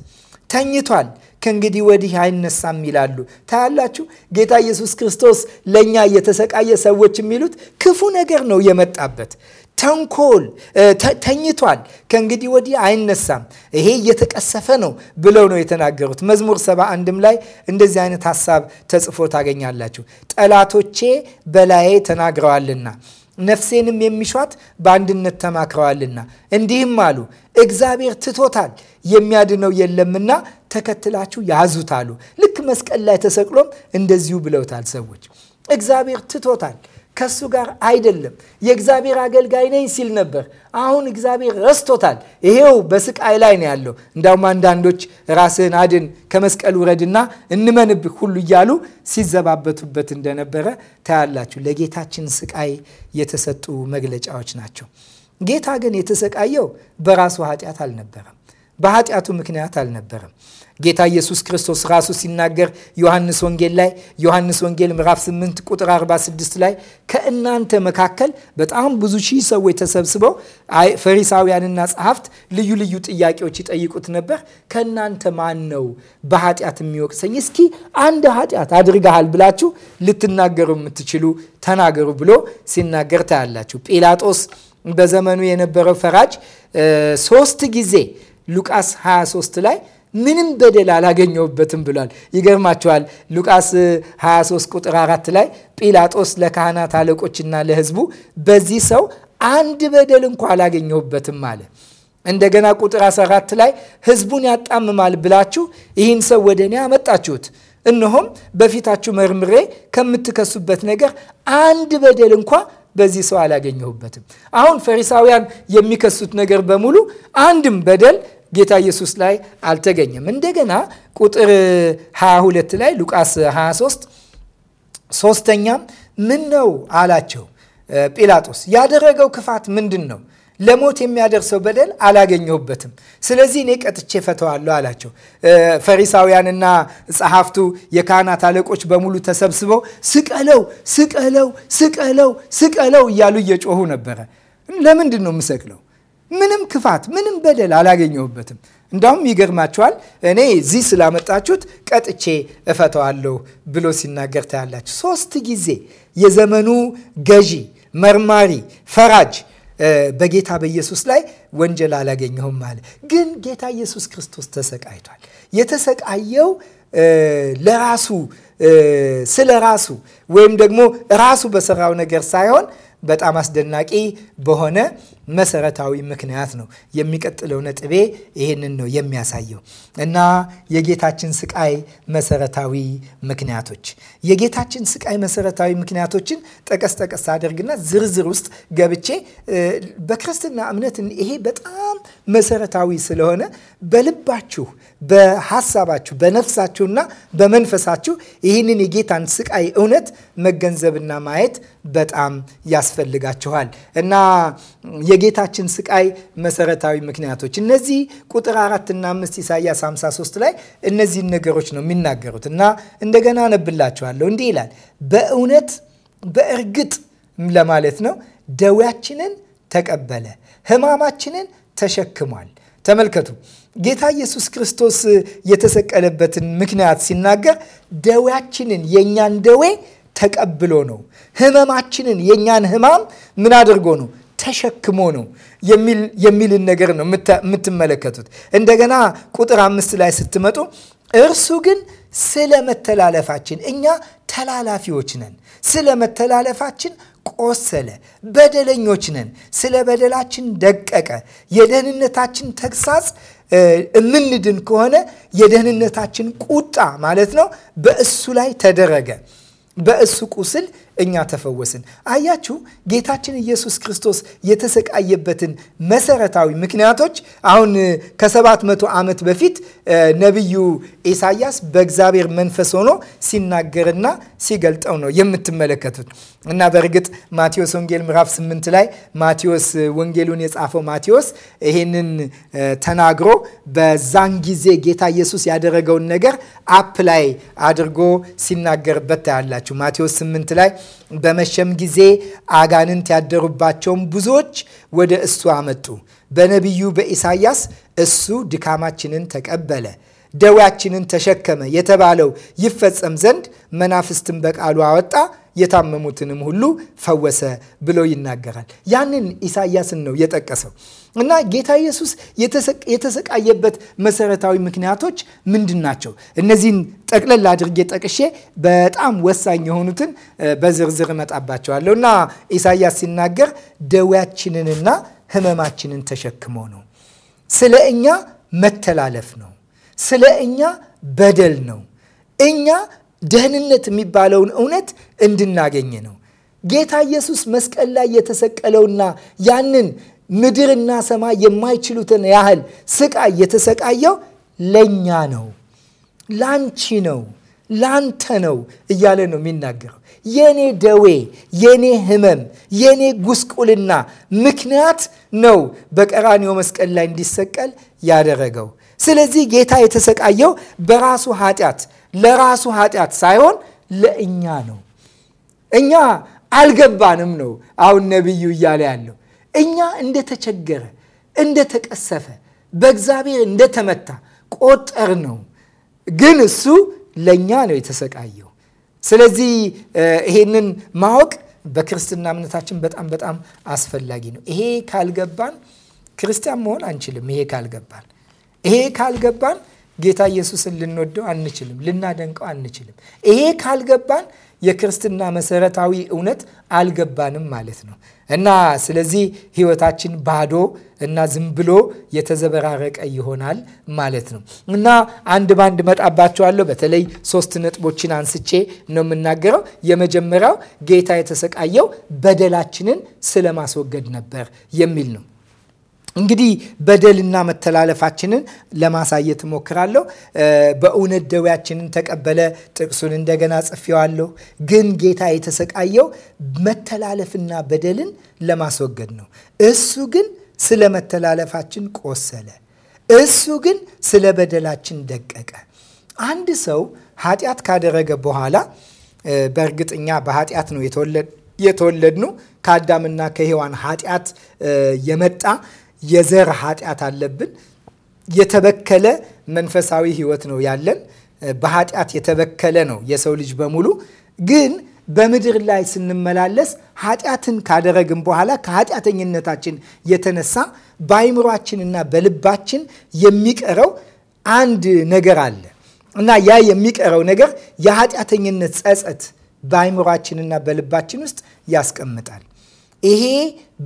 ተኝቷል ከእንግዲህ ወዲህ አይነሳም ይላሉ። ታያላችሁ፣ ጌታ ኢየሱስ ክርስቶስ ለእኛ እየተሰቃየ ሰዎች የሚሉት ክፉ ነገር ነው የመጣበት። ተንኮል ተኝቷል፣ ከእንግዲህ ወዲህ አይነሳም፣ ይሄ እየተቀሰፈ ነው ብለው ነው የተናገሩት። መዝሙር ሰባ አንድም ላይ እንደዚህ አይነት ሀሳብ ተጽፎ ታገኛላችሁ። ጠላቶቼ በላዬ ተናግረዋልና ነፍሴንም የሚሿት በአንድነት ተማክረዋልና እንዲህም አሉ፣ እግዚአብሔር ትቶታል የሚያድነው የለምና ተከትላችሁ ያዙት አሉ። ልክ መስቀል ላይ ተሰቅሎም እንደዚሁ ብለውታል ሰዎች። እግዚአብሔር ትቶታል ከሱ ጋር አይደለም። የእግዚአብሔር አገልጋይ ነኝ ሲል ነበር። አሁን እግዚአብሔር ረስቶታል። ይሄው በስቃይ ላይ ነው ያለው። እንዳውም አንዳንዶች ራስህን አድን ከመስቀል ውረድና እንመንብህ ሁሉ እያሉ ሲዘባበቱበት እንደነበረ ታያላችሁ። ለጌታችን ስቃይ የተሰጡ መግለጫዎች ናቸው። ጌታ ግን የተሰቃየው በራሱ ኃጢአት አልነበረም። በኃጢአቱ ምክንያት አልነበረም። ጌታ ኢየሱስ ክርስቶስ ራሱ ሲናገር ዮሐንስ ወንጌል ላይ ዮሐንስ ወንጌል ምዕራፍ 8 ቁጥር 46 ላይ ከእናንተ መካከል በጣም ብዙ ሺህ ሰዎች ተሰብስበው ፈሪሳውያንና ጸሐፍት ልዩ ልዩ ጥያቄዎች ይጠይቁት ነበር። ከእናንተ ማን ነው በኃጢአት የሚወቅሰኝ? እስኪ አንድ ኃጢአት አድርገሃል ብላችሁ ልትናገሩ የምትችሉ ተናገሩ ብሎ ሲናገር ታያላችሁ። ጲላጦስ በዘመኑ የነበረው ፈራጅ ሶስት ጊዜ ሉቃስ 23 ላይ ምንም በደል አላገኘሁበትም ብሏል። ይገርማቸዋል። ሉቃስ 23 ቁጥር 4 ላይ ጲላጦስ ለካህናት አለቆችና ለሕዝቡ በዚህ ሰው አንድ በደል እንኳ አላገኘሁበትም አለ። እንደገና ቁጥር 14 ላይ ሕዝቡን ያጣምማል ብላችሁ ይህን ሰው ወደ እኔ አመጣችሁት፣ እነሆም በፊታችሁ መርምሬ ከምትከሱበት ነገር አንድ በደል እንኳ በዚህ ሰው አላገኘሁበትም። አሁን ፈሪሳውያን የሚከሱት ነገር በሙሉ አንድም በደል ጌታ ኢየሱስ ላይ አልተገኘም። እንደገና ቁጥር 22 ላይ ሉቃስ 23 ሶስተኛም ምን ነው አላቸው ጲላጦስ ያደረገው ክፋት ምንድን ነው? ለሞት የሚያደርሰው በደል አላገኘሁበትም። ስለዚህ እኔ ቀጥቼ ፈተዋለሁ አላቸው። ፈሪሳውያንና ጸሐፍቱ የካህናት አለቆች በሙሉ ተሰብስበው ስቀለው፣ ስቀለው፣ ስቀለው፣ ስቀለው እያሉ እየጮሁ ነበረ። ለምንድን ነው የምሰቅለው? ምንም ክፋት፣ ምንም በደል አላገኘሁበትም። እንዳውም ይገርማችኋል እኔ እዚህ ስላመጣችሁት ቀጥቼ እፈተዋለሁ ብሎ ሲናገር ታያላችሁ። ሶስት ጊዜ የዘመኑ ገዢ፣ መርማሪ፣ ፈራጅ በጌታ በኢየሱስ ላይ ወንጀል አላገኘሁም አለ። ግን ጌታ ኢየሱስ ክርስቶስ ተሰቃይቷል። የተሰቃየው ለራሱ ስለ ራሱ ወይም ደግሞ ራሱ በሰራው ነገር ሳይሆን በጣም አስደናቂ በሆነ መሰረታዊ ምክንያት ነው። የሚቀጥለው ነጥቤ ይሄንን ነው የሚያሳየው እና የጌታችን ስቃይ መሰረታዊ ምክንያቶች የጌታችን ስቃይ መሰረታዊ ምክንያቶችን ጠቀስ ጠቀስ አድርግና ዝርዝር ውስጥ ገብቼ በክርስትና እምነት ይሄ በጣም መሰረታዊ ስለሆነ በልባችሁ በሀሳባችሁ በነፍሳችሁና በመንፈሳችሁ ይህንን የጌታን ስቃይ እውነት መገንዘብና ማየት በጣም ያስፈልጋችኋል እና የጌታችን ስቃይ መሰረታዊ ምክንያቶች እነዚህ ቁጥር አራትና አምስት ኢሳያስ 53 ላይ እነዚህን ነገሮች ነው የሚናገሩት እና እንደገና አነብላችኋለሁ። እንዲህ ይላል በእውነት በእርግጥ ለማለት ነው። ደዌያችንን ተቀበለ፣ ህማማችንን ተሸክሟል ተመልከቱ ጌታ ኢየሱስ ክርስቶስ የተሰቀለበትን ምክንያት ሲናገር ደዌያችንን የእኛን ደዌ ተቀብሎ ነው፣ ህመማችንን የእኛን ህማም ምን አድርጎ ነው ተሸክሞ ነው የሚልን ነገር ነው የምትመለከቱት። እንደገና ቁጥር አምስት ላይ ስትመጡ እርሱ ግን ስለ መተላለፋችን እኛ ተላላፊዎች ነን ስለ መተላለፋችን ቆሰለ። በደለኞች ነን፣ ስለ በደላችን ደቀቀ። የደህንነታችን ተግሳጽ እምንድን ከሆነ የደህንነታችን ቁጣ ማለት ነው በእሱ ላይ ተደረገ። በእሱ ቁስል እኛ ተፈወስን። አያችሁ ጌታችን ኢየሱስ ክርስቶስ የተሰቃየበትን መሰረታዊ ምክንያቶች አሁን ከሰባት መቶ ዓመት በፊት ነቢዩ ኢሳያስ በእግዚአብሔር መንፈስ ሆኖ ሲናገርና ሲገልጠው ነው የምትመለከቱት እና በእርግጥ ማቴዎስ ወንጌል ምዕራፍ 8 ላይ ማቴዎስ ወንጌሉን የጻፈው ማቴዎስ ይሄንን ተናግሮ በዛን ጊዜ ጌታ ኢየሱስ ያደረገውን ነገር አፕ ላይ አድርጎ ሲናገርበት ታያላችሁ ማቴዎስ 8 ላይ በመሸም ጊዜ አጋንንት ያደሩባቸውን ብዙዎች ወደ እሱ አመጡ። በነቢዩ በኢሳይያስ እሱ ድካማችንን ተቀበለ ደዌያችንን ተሸከመ የተባለው ይፈጸም ዘንድ መናፍስትን በቃሉ አወጣ የታመሙትንም ሁሉ ፈወሰ ብሎ ይናገራል። ያንን ኢሳይያስን ነው የጠቀሰው። እና ጌታ ኢየሱስ የተሰቃየበት መሰረታዊ ምክንያቶች ምንድን ናቸው? እነዚህን ጠቅለል አድርጌ ጠቅሼ በጣም ወሳኝ የሆኑትን በዝርዝር እመጣባቸዋለሁ እና ኢሳያስ ሲናገር ደዌያችንንና ሕመማችንን ተሸክሞ ነው። ስለ እኛ መተላለፍ ነው። ስለ እኛ በደል ነው። እኛ ደህንነት የሚባለውን እውነት እንድናገኝ ነው። ጌታ ኢየሱስ መስቀል ላይ የተሰቀለውና ያንን ምድርና ሰማይ የማይችሉትን ያህል ስቃይ የተሰቃየው ለእኛ ነው፣ ላንቺ ነው፣ ላንተ ነው እያለ ነው የሚናገረው። የኔ ደዌ፣ የኔ ህመም፣ የኔ ጉስቁልና ምክንያት ነው በቀራኒዮ መስቀል ላይ እንዲሰቀል ያደረገው። ስለዚህ ጌታ የተሰቃየው በራሱ ኃጢአት፣ ለራሱ ኃጢአት ሳይሆን ለእኛ ነው። እኛ አልገባንም ነው አሁን ነቢዩ እያለ ያለው እኛ እንደተቸገረ፣ እንደተቀሰፈ፣ በእግዚአብሔር እንደተመታ ቆጠር ነው። ግን እሱ ለእኛ ነው የተሰቃየው። ስለዚህ ይሄንን ማወቅ በክርስትና እምነታችን በጣም በጣም አስፈላጊ ነው። ይሄ ካልገባን ክርስቲያን መሆን አንችልም። ይሄ ካልገባን ይሄ ካልገባን ጌታ ኢየሱስን ልንወደው አንችልም፣ ልናደንቀው አንችልም። ይሄ ካልገባን የክርስትና መሰረታዊ እውነት አልገባንም ማለት ነው። እና ስለዚህ ህይወታችን ባዶ እና ዝም ብሎ የተዘበራረቀ ይሆናል ማለት ነው። እና አንድ ባንድ መጣባቸዋለሁ። በተለይ ሶስት ነጥቦችን አንስቼ ነው የምናገረው። የመጀመሪያው ጌታ የተሰቃየው በደላችንን ስለማስወገድ ነበር የሚል ነው። እንግዲህ በደልና መተላለፋችንን ለማሳየት እሞክራለሁ። በእውነት ደዌያችንን ተቀበለ። ጥቅሱን እንደገና ጽፌዋለሁ። ግን ጌታ የተሰቃየው መተላለፍና በደልን ለማስወገድ ነው። እሱ ግን ስለ መተላለፋችን ቆሰለ፣ እሱ ግን ስለ በደላችን ደቀቀ። አንድ ሰው ኃጢአት ካደረገ በኋላ በእርግጥኛ በኃጢአት ነው የተወለድ ነው ከአዳምና ከሔዋን ኃጢአት የመጣ የዘር ኃጢአት አለብን። የተበከለ መንፈሳዊ ህይወት ነው ያለን። በኃጢአት የተበከለ ነው የሰው ልጅ በሙሉ ግን በምድር ላይ ስንመላለስ ኃጢአትን ካደረግን በኋላ ከኃጢአተኝነታችን የተነሳ በአይምሯችንና በልባችን የሚቀረው አንድ ነገር አለ እና ያ የሚቀረው ነገር የኃጢአተኝነት ጸጸት በአይምሯችንና በልባችን ውስጥ ያስቀምጣል። ይሄ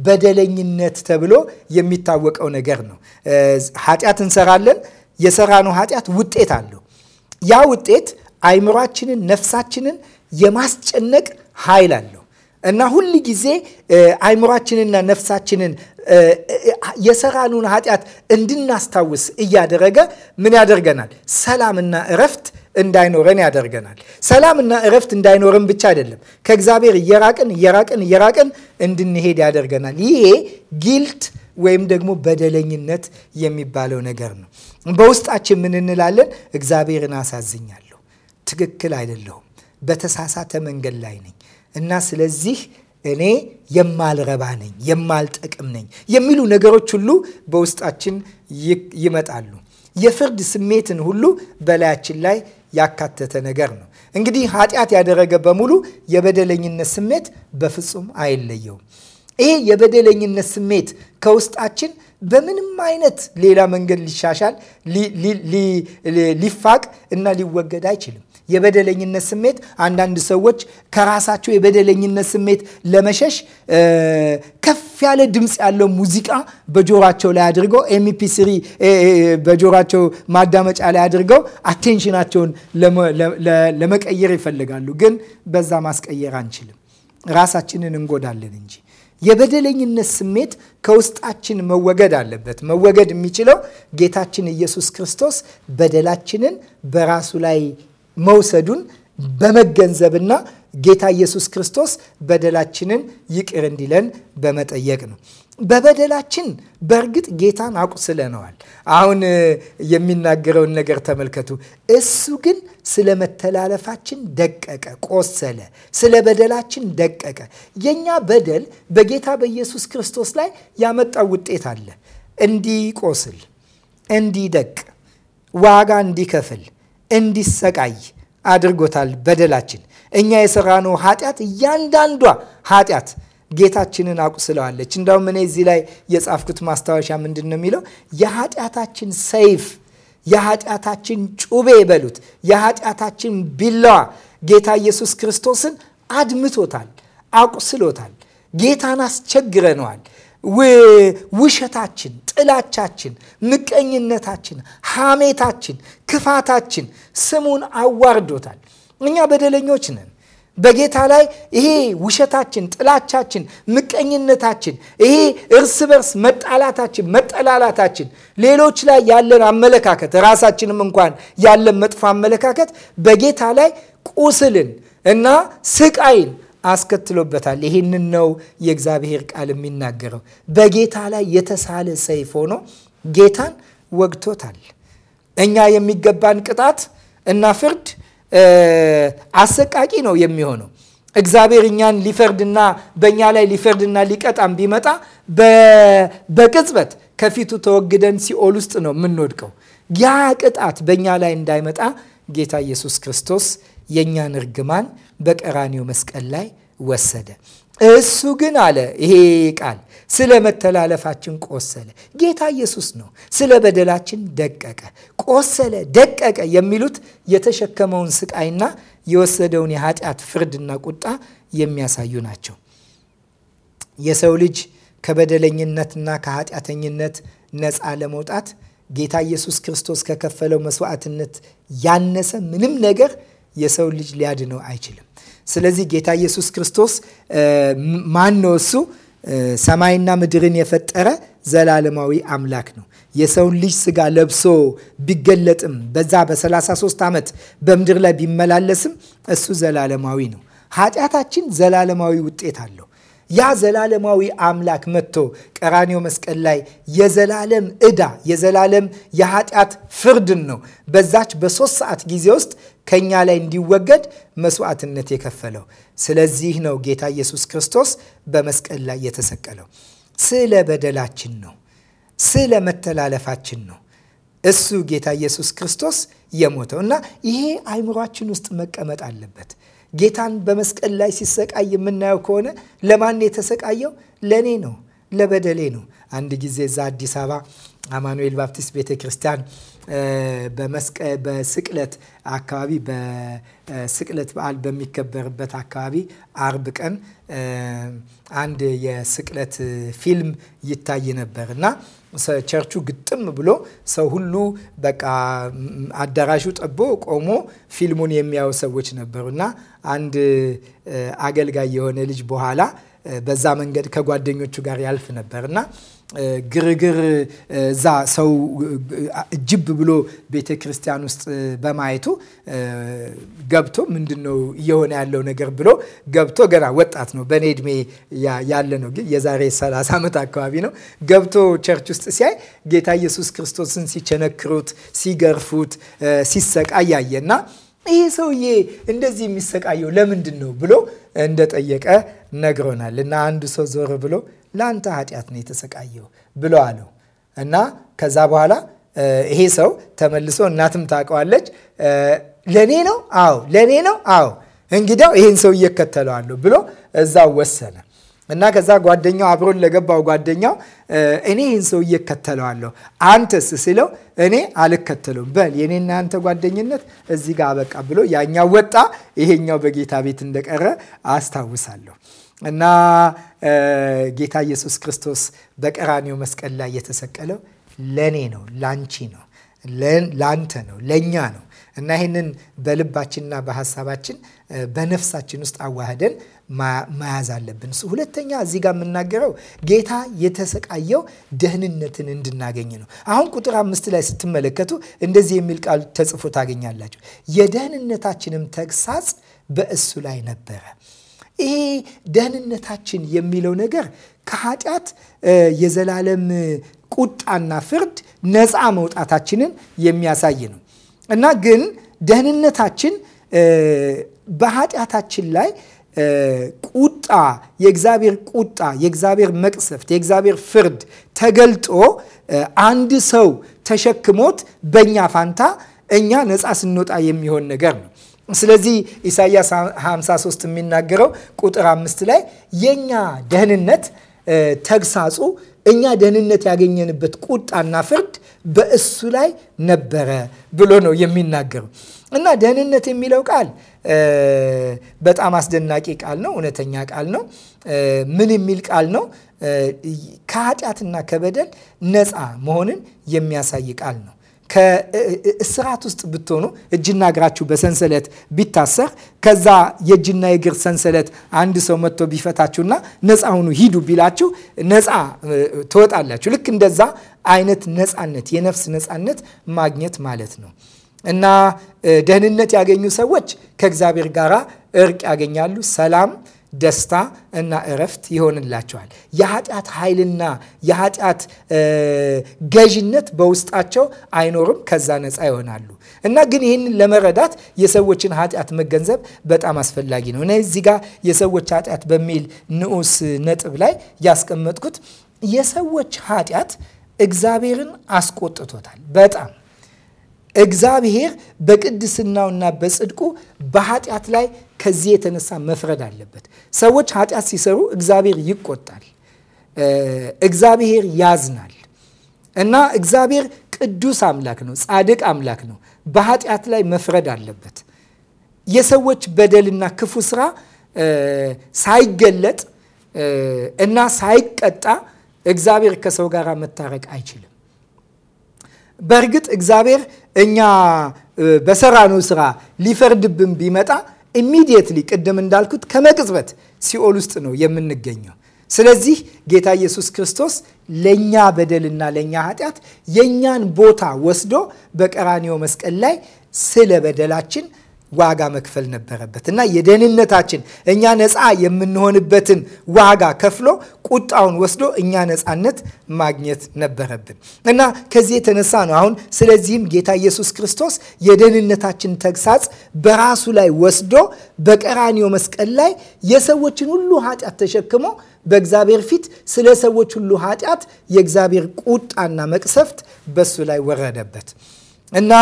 በደለኝነት ተብሎ የሚታወቀው ነገር ነው። ኃጢአት እንሰራለን። የሰራነው ኃጢአት ውጤት አለው። ያ ውጤት አይምሯችንን፣ ነፍሳችንን የማስጨነቅ ኃይል አለው እና ሁል ጊዜ አይምሯችንና ነፍሳችንን የሰራኑን ኃጢአት እንድናስታውስ እያደረገ ምን ያደርገናል? ሰላምና እረፍት እንዳይኖረን ያደርገናል። ሰላምና እረፍት እንዳይኖረን ብቻ አይደለም፣ ከእግዚአብሔር እየራቅን እየራቅን እየራቅን እንድንሄድ ያደርገናል። ይሄ ጊልት ወይም ደግሞ በደለኝነት የሚባለው ነገር ነው። በውስጣችን ምን እንላለን? እግዚአብሔርን አሳዝኛለሁ፣ ትክክል አይደለሁም፣ በተሳሳተ መንገድ ላይ ነኝ እና ስለዚህ እኔ የማልረባ ነኝ፣ የማልጠቅም ነኝ የሚሉ ነገሮች ሁሉ በውስጣችን ይመጣሉ። የፍርድ ስሜትን ሁሉ በላያችን ላይ ያካተተ ነገር ነው። እንግዲህ ኃጢአት ያደረገ በሙሉ የበደለኝነት ስሜት በፍጹም አይለየውም። ይሄ የበደለኝነት ስሜት ከውስጣችን በምንም አይነት ሌላ መንገድ ሊሻሻል፣ ሊፋቅ እና ሊወገድ አይችልም። የበደለኝነት ስሜት አንዳንድ ሰዎች ከራሳቸው የበደለኝነት ስሜት ለመሸሽ ከፍ ያለ ድምፅ ያለው ሙዚቃ በጆሯቸው ላይ አድርገው ኤምፒ ስሪ በጆሯቸው ማዳመጫ ላይ አድርገው አቴንሽናቸውን ለመቀየር ይፈልጋሉ። ግን በዛ ማስቀየር አንችልም፣ ራሳችንን እንጎዳለን እንጂ የበደለኝነት ስሜት ከውስጣችን መወገድ አለበት። መወገድ የሚችለው ጌታችን ኢየሱስ ክርስቶስ በደላችንን በራሱ ላይ መውሰዱን በመገንዘብና ጌታ ኢየሱስ ክርስቶስ በደላችንን ይቅር እንዲለን በመጠየቅ ነው። በበደላችን በእርግጥ ጌታን አቁስለነዋል። አሁን የሚናገረውን ነገር ተመልከቱ። እሱ ግን ስለ መተላለፋችን ደቀቀ፣ ቆሰለ፣ ስለ በደላችን ደቀቀ። የእኛ በደል በጌታ በኢየሱስ ክርስቶስ ላይ ያመጣው ውጤት አለ። እንዲቆስል፣ እንዲደቅ፣ ዋጋ እንዲከፍል እንዲሰቃይ አድርጎታል። በደላችን እኛ የሰራነው ኃጢአት እያንዳንዷ ኃጢአት ጌታችንን አቁስለዋለች። እንዳውም እኔ እዚህ ላይ የጻፍኩት ማስታወሻ ምንድን ነው የሚለው የኃጢአታችን ሰይፍ፣ የኃጢአታችን ጩቤ በሉት፣ የኃጢአታችን ቢላዋ ጌታ ኢየሱስ ክርስቶስን አድምቶታል፣ አቁስሎታል። ጌታን አስቸግረነዋል። ውሸታችን፣ ጥላቻችን፣ ምቀኝነታችን፣ ሐሜታችን፣ ክፋታችን ስሙን አዋርዶታል። እኛ በደለኞች ነን። በጌታ ላይ ይሄ ውሸታችን፣ ጥላቻችን፣ ምቀኝነታችን፣ ይሄ እርስ በርስ መጣላታችን፣ መጠላላታችን፣ ሌሎች ላይ ያለን አመለካከት፣ ራሳችንም እንኳን ያለን መጥፎ አመለካከት በጌታ ላይ ቁስልን እና ስቃይን አስከትሎበታል። ይህንን ነው የእግዚአብሔር ቃል የሚናገረው። በጌታ ላይ የተሳለ ሰይፍ ሆኖ ጌታን ወግቶታል። እኛ የሚገባን ቅጣት እና ፍርድ አሰቃቂ ነው የሚሆነው። እግዚአብሔር እኛን ሊፈርድና በእኛ ላይ ሊፈርድና ሊቀጣም ቢመጣ በቅጽበት ከፊቱ ተወግደን ሲኦል ውስጥ ነው የምንወድቀው። ያ ቅጣት በእኛ ላይ እንዳይመጣ ጌታ ኢየሱስ ክርስቶስ የእኛን እርግማን በቀራኒው መስቀል ላይ ወሰደ። እሱ ግን አለ ይሄ ቃል ስለ መተላለፋችን ቆሰለ። ጌታ ኢየሱስ ነው። ስለ በደላችን ደቀቀ፣ ቆሰለ፣ ደቀቀ የሚሉት የተሸከመውን ስቃይና የወሰደውን የኃጢአት ፍርድና ቁጣ የሚያሳዩ ናቸው። የሰው ልጅ ከበደለኝነትና ከኃጢአተኝነት ነፃ ለመውጣት ጌታ ኢየሱስ ክርስቶስ ከከፈለው መስዋዕትነት ያነሰ ምንም ነገር የሰው ልጅ ሊያድነው አይችልም። ስለዚህ ጌታ ኢየሱስ ክርስቶስ ማን ነው? እሱ ሰማይና ምድርን የፈጠረ ዘላለማዊ አምላክ ነው። የሰውን ልጅ ስጋ ለብሶ ቢገለጥም በዛ በ33 ዓመት በምድር ላይ ቢመላለስም እሱ ዘላለማዊ ነው። ኃጢአታችን ዘላለማዊ ውጤት አለው። ያ ዘላለማዊ አምላክ መጥቶ ቀራኒዮ መስቀል ላይ የዘላለም እዳ የዘላለም የኃጢአት ፍርድን ነው በዛች በሶስት ሰዓት ጊዜ ውስጥ ከእኛ ላይ እንዲወገድ መስዋዕትነት የከፈለው። ስለዚህ ነው ጌታ ኢየሱስ ክርስቶስ በመስቀል ላይ የተሰቀለው። ስለ በደላችን ነው፣ ስለ መተላለፋችን ነው እሱ ጌታ ኢየሱስ ክርስቶስ የሞተው እና ይሄ አይምሯችን ውስጥ መቀመጥ አለበት። ጌታን በመስቀል ላይ ሲሰቃይ የምናየው ከሆነ ለማን የተሰቃየው? ለእኔ ነው፣ ለበደሌ ነው። አንድ ጊዜ እዛ አዲስ አበባ አማኑኤል ባፕቲስት ቤተ ክርስቲያን በስቅለት አካባቢ በስቅለት በዓል በሚከበርበት አካባቢ አርብ ቀን አንድ የስቅለት ፊልም ይታይ ነበር እና ቸርቹ ግጥም ብሎ ሰው ሁሉ በቃ አዳራሹ ጠቦ ቆሞ ፊልሙን የሚያዩ ሰዎች ነበሩ እና አንድ አገልጋይ የሆነ ልጅ በኋላ በዛ መንገድ ከጓደኞቹ ጋር ያልፍ ነበር እና ግርግር እዛ ሰው እጅብ ብሎ ቤተ ክርስቲያን ውስጥ በማየቱ ገብቶ ምንድን ነው እየሆነ ያለው ነገር ብሎ ገብቶ ገና ወጣት ነው፣ በእኔ እድሜ ያለ ነው፣ ግን የዛሬ 30 ዓመት አካባቢ ነው። ገብቶ ቸርች ውስጥ ሲያይ ጌታ ኢየሱስ ክርስቶስን ሲቸነክሩት፣ ሲገርፉት፣ ሲሰቃይ ያየ እና ይህ ሰውዬ እንደዚህ የሚሰቃየው ለምንድን ነው ብሎ እንደጠየቀ ነግሮናል። እና አንዱ ሰው ዞር ብሎ ለአንተ ኃጢአት ነው የተሰቃየው ብሎ አለው እና ከዛ በኋላ ይሄ ሰው ተመልሶ እናትም ታውቀዋለች። ለእኔ ነው? አዎ። ለእኔ ነው? አዎ። እንግዲያው ይህን ሰው እየከተለዋለሁ ብሎ እዛው ወሰነ። እና ከዛ ጓደኛው አብሮን ለገባው ጓደኛው እኔ ይህን ሰውዬ እከተለዋለሁ አንተስ ሲለው እኔ አልከተለውም፣ በል የኔና አንተ ጓደኝነት እዚህ ጋር አበቃ ብሎ ያኛው ወጣ፣ ይሄኛው በጌታ ቤት እንደቀረ አስታውሳለሁ። እና ጌታ ኢየሱስ ክርስቶስ በቀራኔው መስቀል ላይ የተሰቀለው ለእኔ ነው፣ ላንቺ ነው፣ ለአንተ ነው፣ ለእኛ ነው እና ይህንን በልባችንና በሀሳባችን በነፍሳችን ውስጥ አዋህደን መያዝ አለብን። ሁለተኛ እዚህ ጋር የምናገረው ጌታ የተሰቃየው ደህንነትን እንድናገኝ ነው። አሁን ቁጥር አምስት ላይ ስትመለከቱ እንደዚህ የሚል ቃል ተጽፎ ታገኛላችሁ። የደህንነታችንም ተግሳጽ በእሱ ላይ ነበረ። ይሄ ደህንነታችን የሚለው ነገር ከኃጢአት የዘላለም ቁጣና ፍርድ ነፃ መውጣታችንን የሚያሳይ ነው። እና ግን ደህንነታችን በኃጢአታችን ላይ ቁጣ የእግዚአብሔር ቁጣ የእግዚአብሔር መቅሰፍት የእግዚአብሔር ፍርድ ተገልጦ አንድ ሰው ተሸክሞት በእኛ ፋንታ እኛ ነፃ ስንወጣ የሚሆን ነገር ነው። ስለዚህ ኢሳይያስ 53 የሚናገረው ቁጥር አምስት ላይ የእኛ ደህንነት ተግሳጹ እኛ ደህንነት ያገኘንበት ቁጣና ፍርድ በእሱ ላይ ነበረ ብሎ ነው የሚናገረው። እና ደህንነት የሚለው ቃል በጣም አስደናቂ ቃል ነው። እውነተኛ ቃል ነው። ምን የሚል ቃል ነው? ከኃጢአትና ከበደል ነፃ መሆንን የሚያሳይ ቃል ነው። ከእስራት ውስጥ ብትሆኑ እጅና እግራችሁ በሰንሰለት ቢታሰር ከዛ የእጅና የእግር ሰንሰለት አንድ ሰው መጥቶ ቢፈታችሁና ነፃ ሁኑ ሂዱ ቢላችሁ ነፃ ትወጣላችሁ። ልክ እንደዛ አይነት ነፃነት የነፍስ ነፃነት ማግኘት ማለት ነው እና ደህንነት ያገኙ ሰዎች ከእግዚአብሔር ጋር እርቅ ያገኛሉ፣ ሰላም ደስታ እና እረፍት ይሆንላቸዋል። የኃጢአት ኃይልና የኃጢአት ገዥነት በውስጣቸው አይኖርም። ከዛ ነፃ ይሆናሉ እና ግን ይህንን ለመረዳት የሰዎችን ኃጢአት መገንዘብ በጣም አስፈላጊ ነው እና እዚህ ጋር የሰዎች ኃጢአት በሚል ንዑስ ነጥብ ላይ ያስቀመጥኩት የሰዎች ኃጢአት እግዚአብሔርን አስቆጥቶታል በጣም እግዚአብሔር በቅድስናውና በጽድቁ በኃጢአት ላይ ከዚህ የተነሳ መፍረድ አለበት። ሰዎች ኃጢአት ሲሰሩ እግዚአብሔር ይቆጣል፣ እግዚአብሔር ያዝናል እና እግዚአብሔር ቅዱስ አምላክ ነው፣ ጻድቅ አምላክ ነው። በኃጢአት ላይ መፍረድ አለበት። የሰዎች በደልና ክፉ ስራ ሳይገለጥ እና ሳይቀጣ እግዚአብሔር ከሰው ጋር መታረቅ አይችልም። በእርግጥ እግዚአብሔር እኛ በሰራነው ስራ ሊፈርድብን ቢመጣ ኢሚዲየትሊ ቅድም እንዳልኩት ከመቅጽበት ሲኦል ውስጥ ነው የምንገኘው። ስለዚህ ጌታ ኢየሱስ ክርስቶስ ለእኛ በደልና ለእኛ ኃጢአት የእኛን ቦታ ወስዶ በቀራኒዮ መስቀል ላይ ስለ በደላችን ዋጋ መክፈል ነበረበት እና የደህንነታችን እኛ ነፃ የምንሆንበትን ዋጋ ከፍሎ ቁጣውን ወስዶ እኛ ነፃነት ማግኘት ነበረብን እና ከዚህ የተነሳ ነው አሁን ስለዚህም ጌታ ኢየሱስ ክርስቶስ የደህንነታችን ተግሳጽ በራሱ ላይ ወስዶ በቀራኒዮ መስቀል ላይ የሰዎችን ሁሉ ኃጢአት ተሸክሞ በእግዚአብሔር ፊት ስለ ሰዎች ሁሉ ኃጢአት የእግዚአብሔር ቁጣና መቅሰፍት በሱ ላይ ወረደበት። እና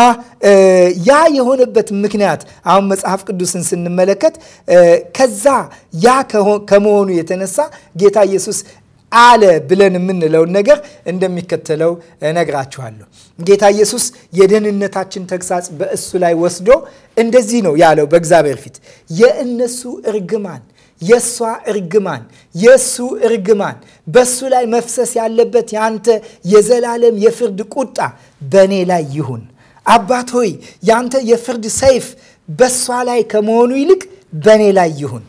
ያ የሆነበት ምክንያት አሁን መጽሐፍ ቅዱስን ስንመለከት ከዛ ያ ከመሆኑ የተነሳ ጌታ ኢየሱስ አለ ብለን የምንለውን ነገር እንደሚከተለው ነግራችኋለሁ። ጌታ ኢየሱስ የደህንነታችን ተግሳጽ በእሱ ላይ ወስዶ እንደዚህ ነው ያለው በእግዚአብሔር ፊት የእነሱ እርግማን የእሷ እርግማን የእሱ እርግማን በእሱ ላይ መፍሰስ ያለበት የአንተ የዘላለም የፍርድ ቁጣ በእኔ ላይ ይሁን አባት ሆይ ያንተ የፍርድ ሰይፍ በሷ ላይ ከመሆኑ ይልቅ በእኔ ላይ ይሁን።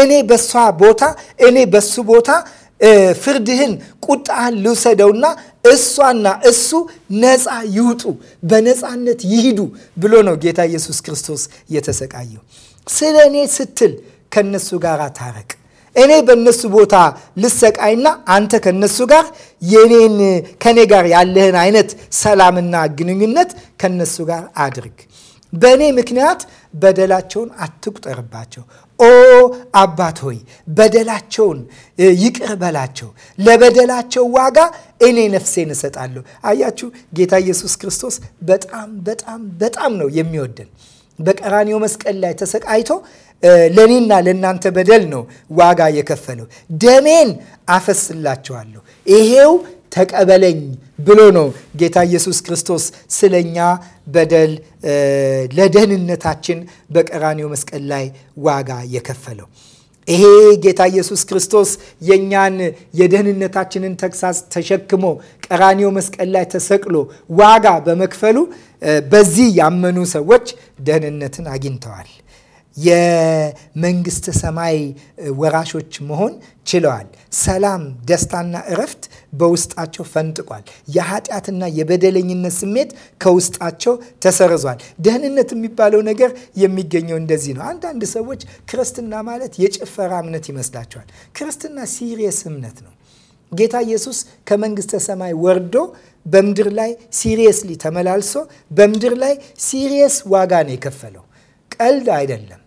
እኔ በሷ ቦታ እኔ በሱ ቦታ ፍርድህን ቁጣህን ልውሰደውና እሷና እሱ ነፃ ይውጡ፣ በነፃነት ይሂዱ ብሎ ነው ጌታ ኢየሱስ ክርስቶስ የተሰቃየው። ስለ እኔ ስትል ከነሱ ጋር ታረቅ እኔ በእነሱ ቦታ ልሰቃይና አንተ ከነሱ ጋር የኔን ከኔ ጋር ያለህን አይነት ሰላምና ግንኙነት ከነሱ ጋር አድርግ። በእኔ ምክንያት በደላቸውን አትቁጠርባቸው። ኦ አባት ሆይ በደላቸውን ይቅር በላቸው፣ ለበደላቸው ዋጋ እኔ ነፍሴን እሰጣለሁ። አያችሁ ጌታ ኢየሱስ ክርስቶስ በጣም በጣም በጣም ነው የሚወደን። በቀራኒዮ መስቀል ላይ ተሰቃይቶ ለእኔና ለእናንተ በደል ነው ዋጋ የከፈለው። ደሜን አፈስላችኋለሁ፣ ይሄው ተቀበለኝ ብሎ ነው ጌታ ኢየሱስ ክርስቶስ ስለኛ በደል ለደህንነታችን በቀራኔው መስቀል ላይ ዋጋ የከፈለው። ይሄ ጌታ ኢየሱስ ክርስቶስ የእኛን የደህንነታችንን ተግሳጽ ተሸክሞ ቀራኔው መስቀል ላይ ተሰቅሎ ዋጋ በመክፈሉ በዚህ ያመኑ ሰዎች ደህንነትን አግኝተዋል። የመንግስተ ሰማይ ወራሾች መሆን ችለዋል። ሰላም፣ ደስታና እረፍት በውስጣቸው ፈንጥቋል። የኃጢአትና የበደለኝነት ስሜት ከውስጣቸው ተሰርዟል። ደህንነት የሚባለው ነገር የሚገኘው እንደዚህ ነው። አንዳንድ ሰዎች ክርስትና ማለት የጭፈራ እምነት ይመስላቸዋል። ክርስትና ሲሪየስ እምነት ነው። ጌታ ኢየሱስ ከመንግስተ ሰማይ ወርዶ በምድር ላይ ሲሪየስሊ ተመላልሶ በምድር ላይ ሲሪየስ ዋጋ ነው የከፈለው። ቀልድ አይደለም።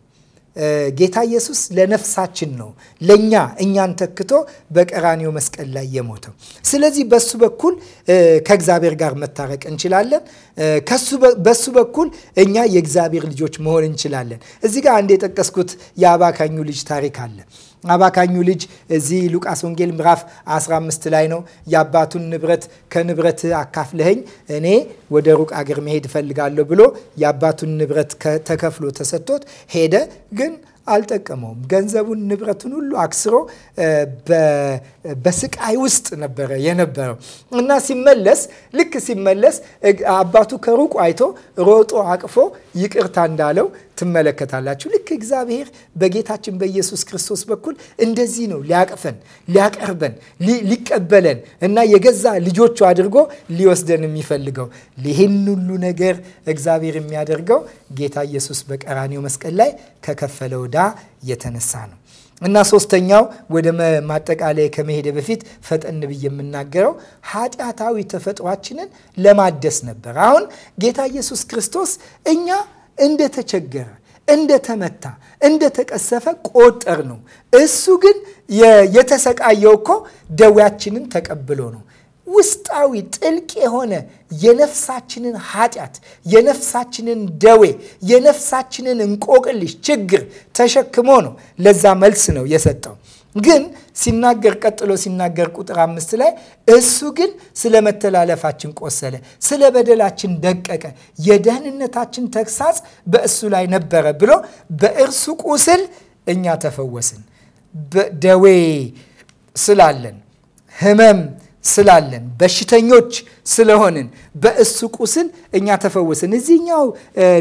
ጌታ ኢየሱስ ለነፍሳችን ነው ለእኛ እኛን ተክቶ በቀራኔው መስቀል ላይ የሞተው። ስለዚህ በሱ በኩል ከእግዚአብሔር ጋር መታረቅ እንችላለን። በሱ በኩል እኛ የእግዚአብሔር ልጆች መሆን እንችላለን። እዚህ ጋር አንድ የጠቀስኩት የአባካኙ ልጅ ታሪክ አለ። አባካኙ ልጅ እዚህ ሉቃስ ወንጌል ምዕራፍ 15 ላይ ነው። የአባቱን ንብረት ከንብረት አካፍለኸኝ እኔ ወደ ሩቅ አገር መሄድ እፈልጋለሁ ብሎ የአባቱን ንብረት ተከፍሎ ተሰጥቶት ሄደ። ግን አልጠቀመውም። ገንዘቡን፣ ንብረቱን ሁሉ አክስሮ በስቃይ ውስጥ ነበረ የነበረው እና ሲመለስ ልክ ሲመለስ አባቱ ከሩቁ አይቶ ሮጦ አቅፎ ይቅርታ እንዳለው ትመለከታላችሁ። ልክ እግዚአብሔር በጌታችን በኢየሱስ ክርስቶስ በኩል እንደዚህ ነው ሊያቅፈን፣ ሊያቀርበን፣ ሊቀበለን እና የገዛ ልጆቹ አድርጎ ሊወስደን የሚፈልገው ይህን ሁሉ ነገር እግዚአብሔር የሚያደርገው ጌታ ኢየሱስ በቀራኔው መስቀል ላይ ከከፈለው ዳ የተነሳ ነው። እና ሶስተኛው ወደ ማጠቃለያ ከመሄደ በፊት ፈጠን ብዬ የምናገረው ኃጢአታዊ ተፈጥሯችንን ለማደስ ነበር። አሁን ጌታ ኢየሱስ ክርስቶስ እኛ እንደተቸገረ እንደተመታ እንደተቀሰፈ ቆጠር ነው። እሱ ግን የተሰቃየው እኮ ደዌያችንን ተቀብሎ ነው ውስጣዊ ጥልቅ የሆነ የነፍሳችንን ኃጢአት፣ የነፍሳችንን ደዌ፣ የነፍሳችንን እንቆቅልሽ ችግር ተሸክሞ ነው ለዛ መልስ ነው የሰጠው። ግን ሲናገር ቀጥሎ ሲናገር ቁጥር አምስት ላይ እሱ ግን ስለ መተላለፋችን ቆሰለ፣ ስለ በደላችን ደቀቀ፣ የደህንነታችን ተግሳጽ በእሱ ላይ ነበረ ብሎ በእርሱ ቁስል እኛ ተፈወስን። ደዌ ስላለን ህመም ስላለን በሽተኞች ስለሆንን በእሱ ቁስል እኛ ተፈወስን። እዚህኛው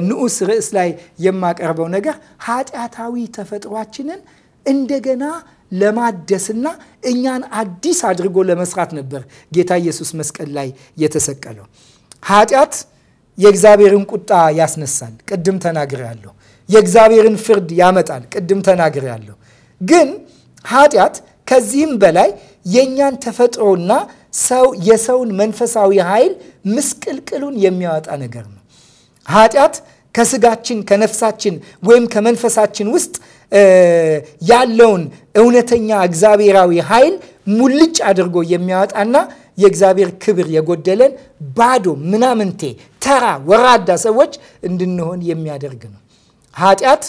ንዑስ ርዕስ ላይ የማቀርበው ነገር ኃጢአታዊ ተፈጥሯችንን እንደገና ለማደስና እኛን አዲስ አድርጎ ለመስራት ነበር ጌታ ኢየሱስ መስቀል ላይ የተሰቀለው። ኃጢአት የእግዚአብሔርን ቁጣ ያስነሳል፣ ቅድም ተናግሬያለሁ። የእግዚአብሔርን ፍርድ ያመጣል፣ ቅድም ተናግሬያለሁ። ግን ኃጢአት ከዚህም በላይ የእኛን ተፈጥሮና ሰው የሰውን መንፈሳዊ ኃይል ምስቅልቅሉን የሚያወጣ ነገር ነው። ኃጢአት ከስጋችን ከነፍሳችን ወይም ከመንፈሳችን ውስጥ ያለውን እውነተኛ እግዚአብሔራዊ ኃይል ሙልጭ አድርጎ የሚያወጣና የእግዚአብሔር ክብር የጎደለን ባዶ ምናምንቴ ተራ ወራዳ ሰዎች እንድንሆን የሚያደርግ ነው። ኃጢአት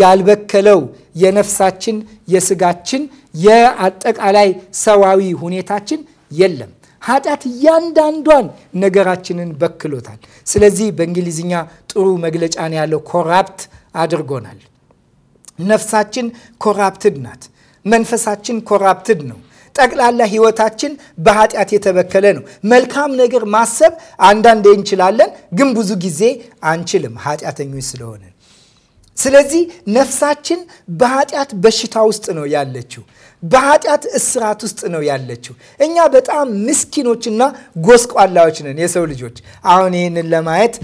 ያልበከለው የነፍሳችን የስጋችን የአጠቃላይ ሰዋዊ ሁኔታችን የለም። ኃጢአት እያንዳንዷን ነገራችንን በክሎታል። ስለዚህ በእንግሊዝኛ ጥሩ መግለጫ ያለው ኮራፕት አድርጎናል። ነፍሳችን ኮራፕትድ ናት። መንፈሳችን ኮራፕትድ ነው። ጠቅላላ ህይወታችን በኃጢአት የተበከለ ነው። መልካም ነገር ማሰብ አንዳንዴ እንችላለን፣ ግን ብዙ ጊዜ አንችልም ኃጢአተኞች ስለሆንን ስለዚህ ነፍሳችን በኃጢአት በሽታ ውስጥ ነው ያለችው። በኃጢአት እስራት ውስጥ ነው ያለችው። እኛ በጣም ምስኪኖችና ጎስቋላዎች ነን የሰው ልጆች። አሁን ይህንን ለማየት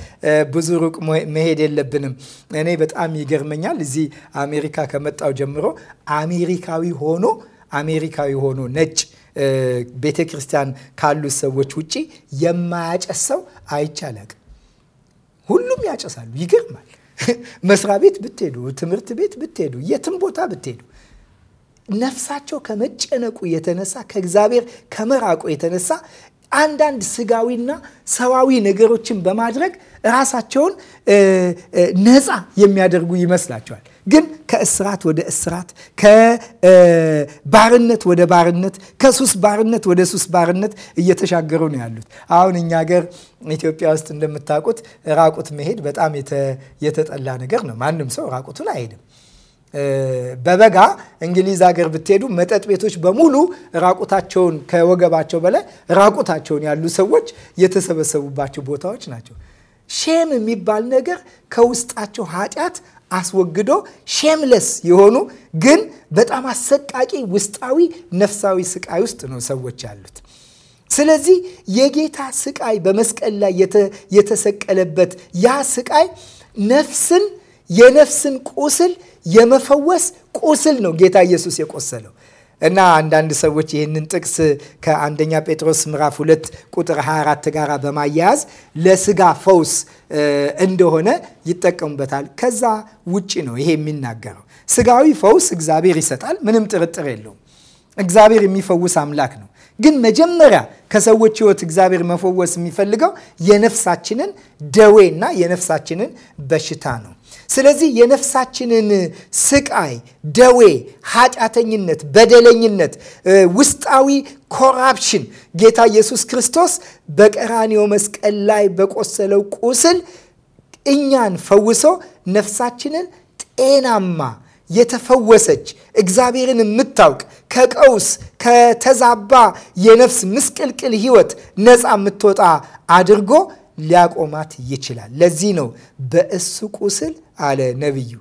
ብዙ ሩቅ መሄድ የለብንም። እኔ በጣም ይገርመኛል። እዚህ አሜሪካ ከመጣው ጀምሮ አሜሪካዊ ሆኖ አሜሪካዊ ሆኖ ነጭ ቤተ ክርስቲያን ካሉት ሰዎች ውጭ የማያጨስ ሰው አይቻላቅም። ሁሉም ያጨሳሉ። ይገርማል። መስሪያ ቤት ብትሄዱ፣ ትምህርት ቤት ብትሄዱ፣ የትም ቦታ ብትሄዱ ነፍሳቸው ከመጨነቁ የተነሳ ከእግዚአብሔር ከመራቁ የተነሳ አንዳንድ ስጋዊና ሰዋዊ ነገሮችን በማድረግ ራሳቸውን ነፃ የሚያደርጉ ይመስላቸዋል። ግን ከእስራት ወደ እስራት፣ ከባርነት ወደ ባርነት፣ ከሱስ ባርነት ወደ ሱስ ባርነት እየተሻገሩ ነው ያሉት። አሁን እኛ ሀገር ኢትዮጵያ ውስጥ እንደምታውቁት ራቁት መሄድ በጣም የተጠላ ነገር ነው። ማንም ሰው ራቁቱን አይሄድም። በበጋ እንግሊዝ ሀገር ብትሄዱ መጠጥ ቤቶች በሙሉ ራቁታቸውን ከወገባቸው በላይ ራቁታቸውን ያሉ ሰዎች የተሰበሰቡባቸው ቦታዎች ናቸው። ሼም የሚባል ነገር ከውስጣቸው ኃጢአት አስወግዶ ሼምለስ የሆኑ ግን በጣም አሰቃቂ ውስጣዊ ነፍሳዊ ስቃይ ውስጥ ነው ሰዎች ያሉት። ስለዚህ የጌታ ስቃይ በመስቀል ላይ የተሰቀለበት ያ ስቃይ ነፍስን የነፍስን ቁስል የመፈወስ ቁስል ነው ጌታ ኢየሱስ የቆሰለው። እና አንዳንድ ሰዎች ይህንን ጥቅስ ከአንደኛ ጴጥሮስ ምዕራፍ 2 ቁጥር 24 ጋር በማያያዝ ለስጋ ፈውስ እንደሆነ ይጠቀሙበታል። ከዛ ውጭ ነው ይሄ የሚናገረው። ስጋዊ ፈውስ እግዚአብሔር ይሰጣል፣ ምንም ጥርጥር የለውም። እግዚአብሔር የሚፈውስ አምላክ ነው። ግን መጀመሪያ ከሰዎች ህይወት እግዚአብሔር መፈወስ የሚፈልገው የነፍሳችንን ደዌና የነፍሳችንን በሽታ ነው። ስለዚህ የነፍሳችንን ስቃይ፣ ደዌ፣ ኃጢአተኝነት፣ በደለኝነት፣ ውስጣዊ ኮራፕሽን ጌታ ኢየሱስ ክርስቶስ በቀራኒዮ መስቀል ላይ በቆሰለው ቁስል እኛን ፈውሶ ነፍሳችንን ጤናማ የተፈወሰች እግዚአብሔርን የምታውቅ ከቀውስ ከተዛባ የነፍስ ምስቅልቅል ሕይወት ነፃ የምትወጣ አድርጎ ሊያቆማት ይችላል። ለዚህ ነው በእሱ ቁስል አለ ነቢዩ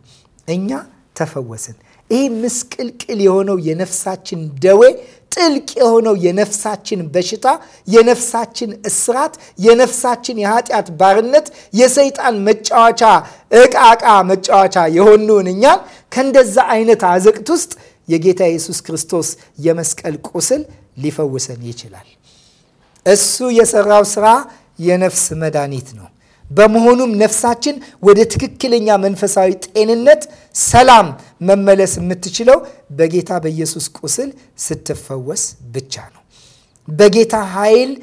እኛ ተፈወስን። ይህ ምስቅልቅል የሆነው የነፍሳችን ደዌ፣ ጥልቅ የሆነው የነፍሳችን በሽታ፣ የነፍሳችን እስራት፣ የነፍሳችን የኃጢአት ባርነት፣ የሰይጣን መጫወቻ እቃ እቃ መጫወቻ የሆኑን እኛን ከእንደዛ አይነት አዘቅት ውስጥ የጌታ ኢየሱስ ክርስቶስ የመስቀል ቁስል ሊፈውሰን ይችላል። እሱ የሰራው ስራ የነፍስ መድኃኒት ነው። በመሆኑም ነፍሳችን ወደ ትክክለኛ መንፈሳዊ ጤንነት፣ ሰላም መመለስ የምትችለው በጌታ በኢየሱስ ቁስል ስትፈወስ ብቻ ነው። በጌታ ኃይል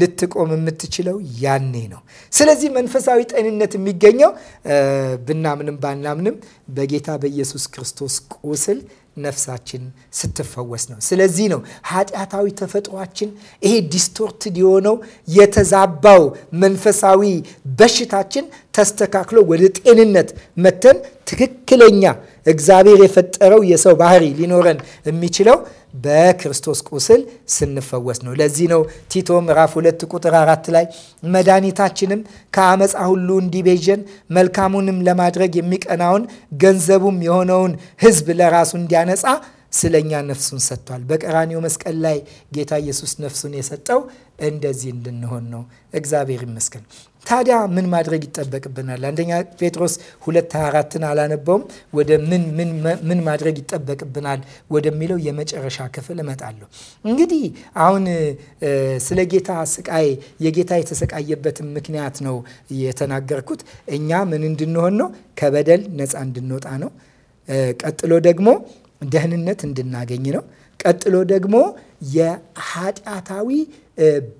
ልትቆም የምትችለው ያኔ ነው። ስለዚህ መንፈሳዊ ጤንነት የሚገኘው ብናምንም ባናምንም በጌታ በኢየሱስ ክርስቶስ ቁስል ነፍሳችን ስትፈወስ ነው። ስለዚህ ነው ኃጢአታዊ ተፈጥሯችን ይሄ ዲስቶርትድ የሆነው የተዛባው መንፈሳዊ በሽታችን ተስተካክሎ ወደ ጤንነት መተን ትክክለኛ እግዚአብሔር የፈጠረው የሰው ባህሪ ሊኖረን የሚችለው በክርስቶስ ቁስል ስንፈወስ ነው። ለዚህ ነው ቲቶ ምዕራፍ ሁለት ቁጥር አራት ላይ መድኃኒታችንም ከአመፃ ሁሉ እንዲቤዠን መልካሙንም ለማድረግ የሚቀናውን ገንዘቡም የሆነውን ሕዝብ ለራሱ እንዲያነጻ ስለኛ ነፍሱን ሰጥቷል። በቀራኒው መስቀል ላይ ጌታ ኢየሱስ ነፍሱን የሰጠው እንደዚህ እንድንሆን ነው። እግዚአብሔር ይመስገን። ታዲያ ምን ማድረግ ይጠበቅብናል? አንደኛ ጴጥሮስ 2፥24ን አላነበውም። ወደ ምን ምን ማድረግ ይጠበቅብናል ወደሚለው የመጨረሻ ክፍል እመጣለሁ። እንግዲህ አሁን ስለ ጌታ ስቃይ የጌታ የተሰቃየበትን ምክንያት ነው የተናገርኩት። እኛ ምን እንድንሆን ነው? ከበደል ነፃ እንድንወጣ ነው። ቀጥሎ ደግሞ ደህንነት እንድናገኝ ነው። ቀጥሎ ደግሞ የኃጢአታዊ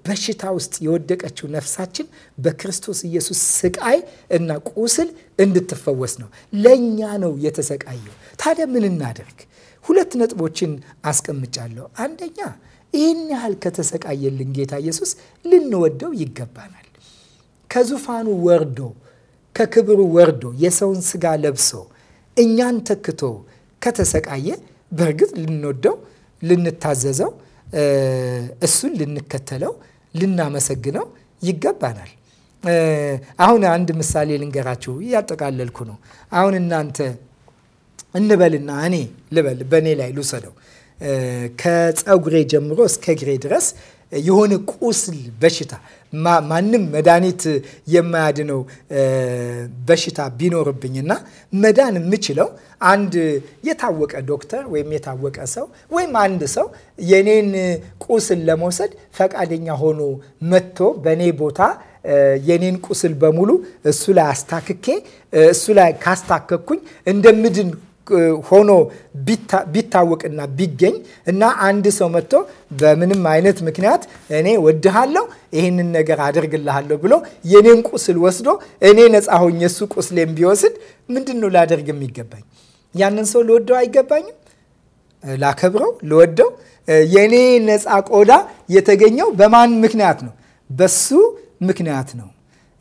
በሽታ ውስጥ የወደቀችው ነፍሳችን በክርስቶስ ኢየሱስ ስቃይ እና ቁስል እንድትፈወስ ነው። ለእኛ ነው የተሰቃየው። ታዲያ ምን እናደርግ? ሁለት ነጥቦችን አስቀምጫለሁ። አንደኛ ይህን ያህል ከተሰቃየልን ጌታ ኢየሱስ ልንወደው ይገባናል። ከዙፋኑ ወርዶ ከክብሩ ወርዶ የሰውን ስጋ ለብሶ እኛን ተክቶ ከተሰቃየ በእርግጥ ልንወደው ልንታዘዘው፣ እሱን ልንከተለው፣ ልናመሰግነው ይገባናል። አሁን አንድ ምሳሌ ልንገራችሁ፣ እያጠቃለልኩ ነው። አሁን እናንተ እንበልና እኔ ልበል፣ በእኔ ላይ ልውሰደው። ከፀጉሬ ጀምሮ እስከ እግሬ ድረስ የሆነ ቁስል በሽታ ማንም መድኃኒት የማያድነው በሽታ ቢኖርብኝና መዳን የምችለው አንድ የታወቀ ዶክተር ወይም የታወቀ ሰው ወይም አንድ ሰው የኔን ቁስል ለመውሰድ ፈቃደኛ ሆኖ መጥቶ በእኔ ቦታ የኔን ቁስል በሙሉ እሱ ላይ አስታክኬ እሱ ላይ ካስታከኩኝ እንደምድን ሆኖ ቢታወቅና ቢገኝ እና አንድ ሰው መጥቶ በምንም አይነት ምክንያት እኔ ወድሃለሁ፣ ይህንን ነገር አድርግልሃለሁ ብሎ የኔን ቁስል ወስዶ እኔ ነፃ ሆኜ እሱ ቁስሌን ቢወስድ ምንድን ነው ላደርግ የሚገባኝ? ያንን ሰው ልወደው አይገባኝም? ላከብረው፣ ልወደው። የእኔ ነፃ ቆዳ የተገኘው በማን ምክንያት ነው? በሱ ምክንያት ነው።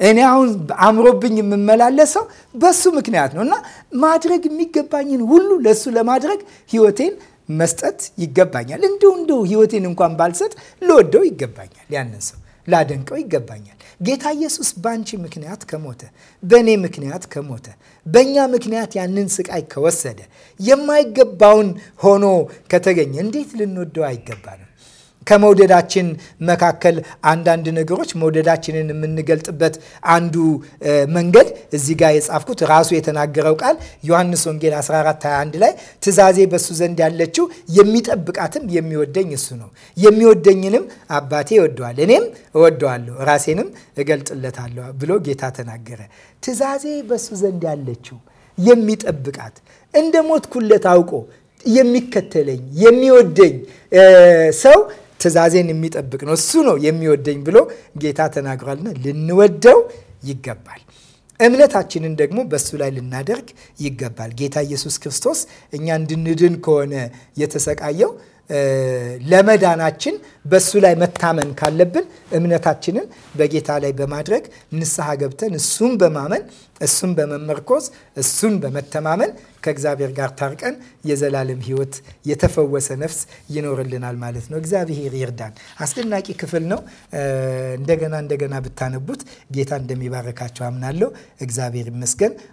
እኔ አሁን አምሮብኝ የምመላለሰው በሱ ምክንያት ነው እና ማድረግ የሚገባኝን ሁሉ ለሱ ለማድረግ ህይወቴን መስጠት ይገባኛል። እንዲሁ እንዲሁ ህይወቴን እንኳን ባልሰጥ ልወደው ይገባኛል። ያንን ሰው ላደንቀው ይገባኛል። ጌታ ኢየሱስ በአንቺ ምክንያት ከሞተ፣ በእኔ ምክንያት ከሞተ፣ በእኛ ምክንያት ያንን ስቃይ ከወሰደ፣ የማይገባውን ሆኖ ከተገኘ እንዴት ልንወደው አይገባ ነው? ከመውደዳችን መካከል አንዳንድ ነገሮች መውደዳችንን የምንገልጥበት አንዱ መንገድ እዚህ ጋር የጻፍኩት ራሱ የተናገረው ቃል ዮሐንስ ወንጌል 14 21 ላይ ትእዛዜ በሱ ዘንድ ያለችው የሚጠብቃትም የሚወደኝ እሱ ነው፣ የሚወደኝንም አባቴ ይወደዋል፣ እኔም እወደዋለሁ፣ ራሴንም እገልጥለታለሁ ብሎ ጌታ ተናገረ። ትእዛዜ በሱ ዘንድ ያለችው የሚጠብቃት እንደ ሞትኩለት አውቆ የሚከተለኝ የሚወደኝ ሰው ትእዛዜን የሚጠብቅ ነው፣ እሱ ነው የሚወደኝ ብሎ ጌታ ተናግሯልና ልንወደው ይገባል። እምነታችንን ደግሞ በእሱ ላይ ልናደርግ ይገባል። ጌታ ኢየሱስ ክርስቶስ እኛ እንድንድን ከሆነ የተሰቃየው ለመዳናችን በእሱ ላይ መታመን ካለብን እምነታችንን በጌታ ላይ በማድረግ ንስሐ ገብተን እሱን በማመን እሱን በመመርኮዝ እሱን በመተማመን ከእግዚአብሔር ጋር ታርቀን የዘላለም ሕይወት የተፈወሰ ነፍስ ይኖርልናል ማለት ነው። እግዚአብሔር ይርዳን። አስደናቂ ክፍል ነው። እንደገና እንደገና ብታነቡት ጌታ እንደሚባረካቸው አምናለሁ። እግዚአብሔር ይመስገን።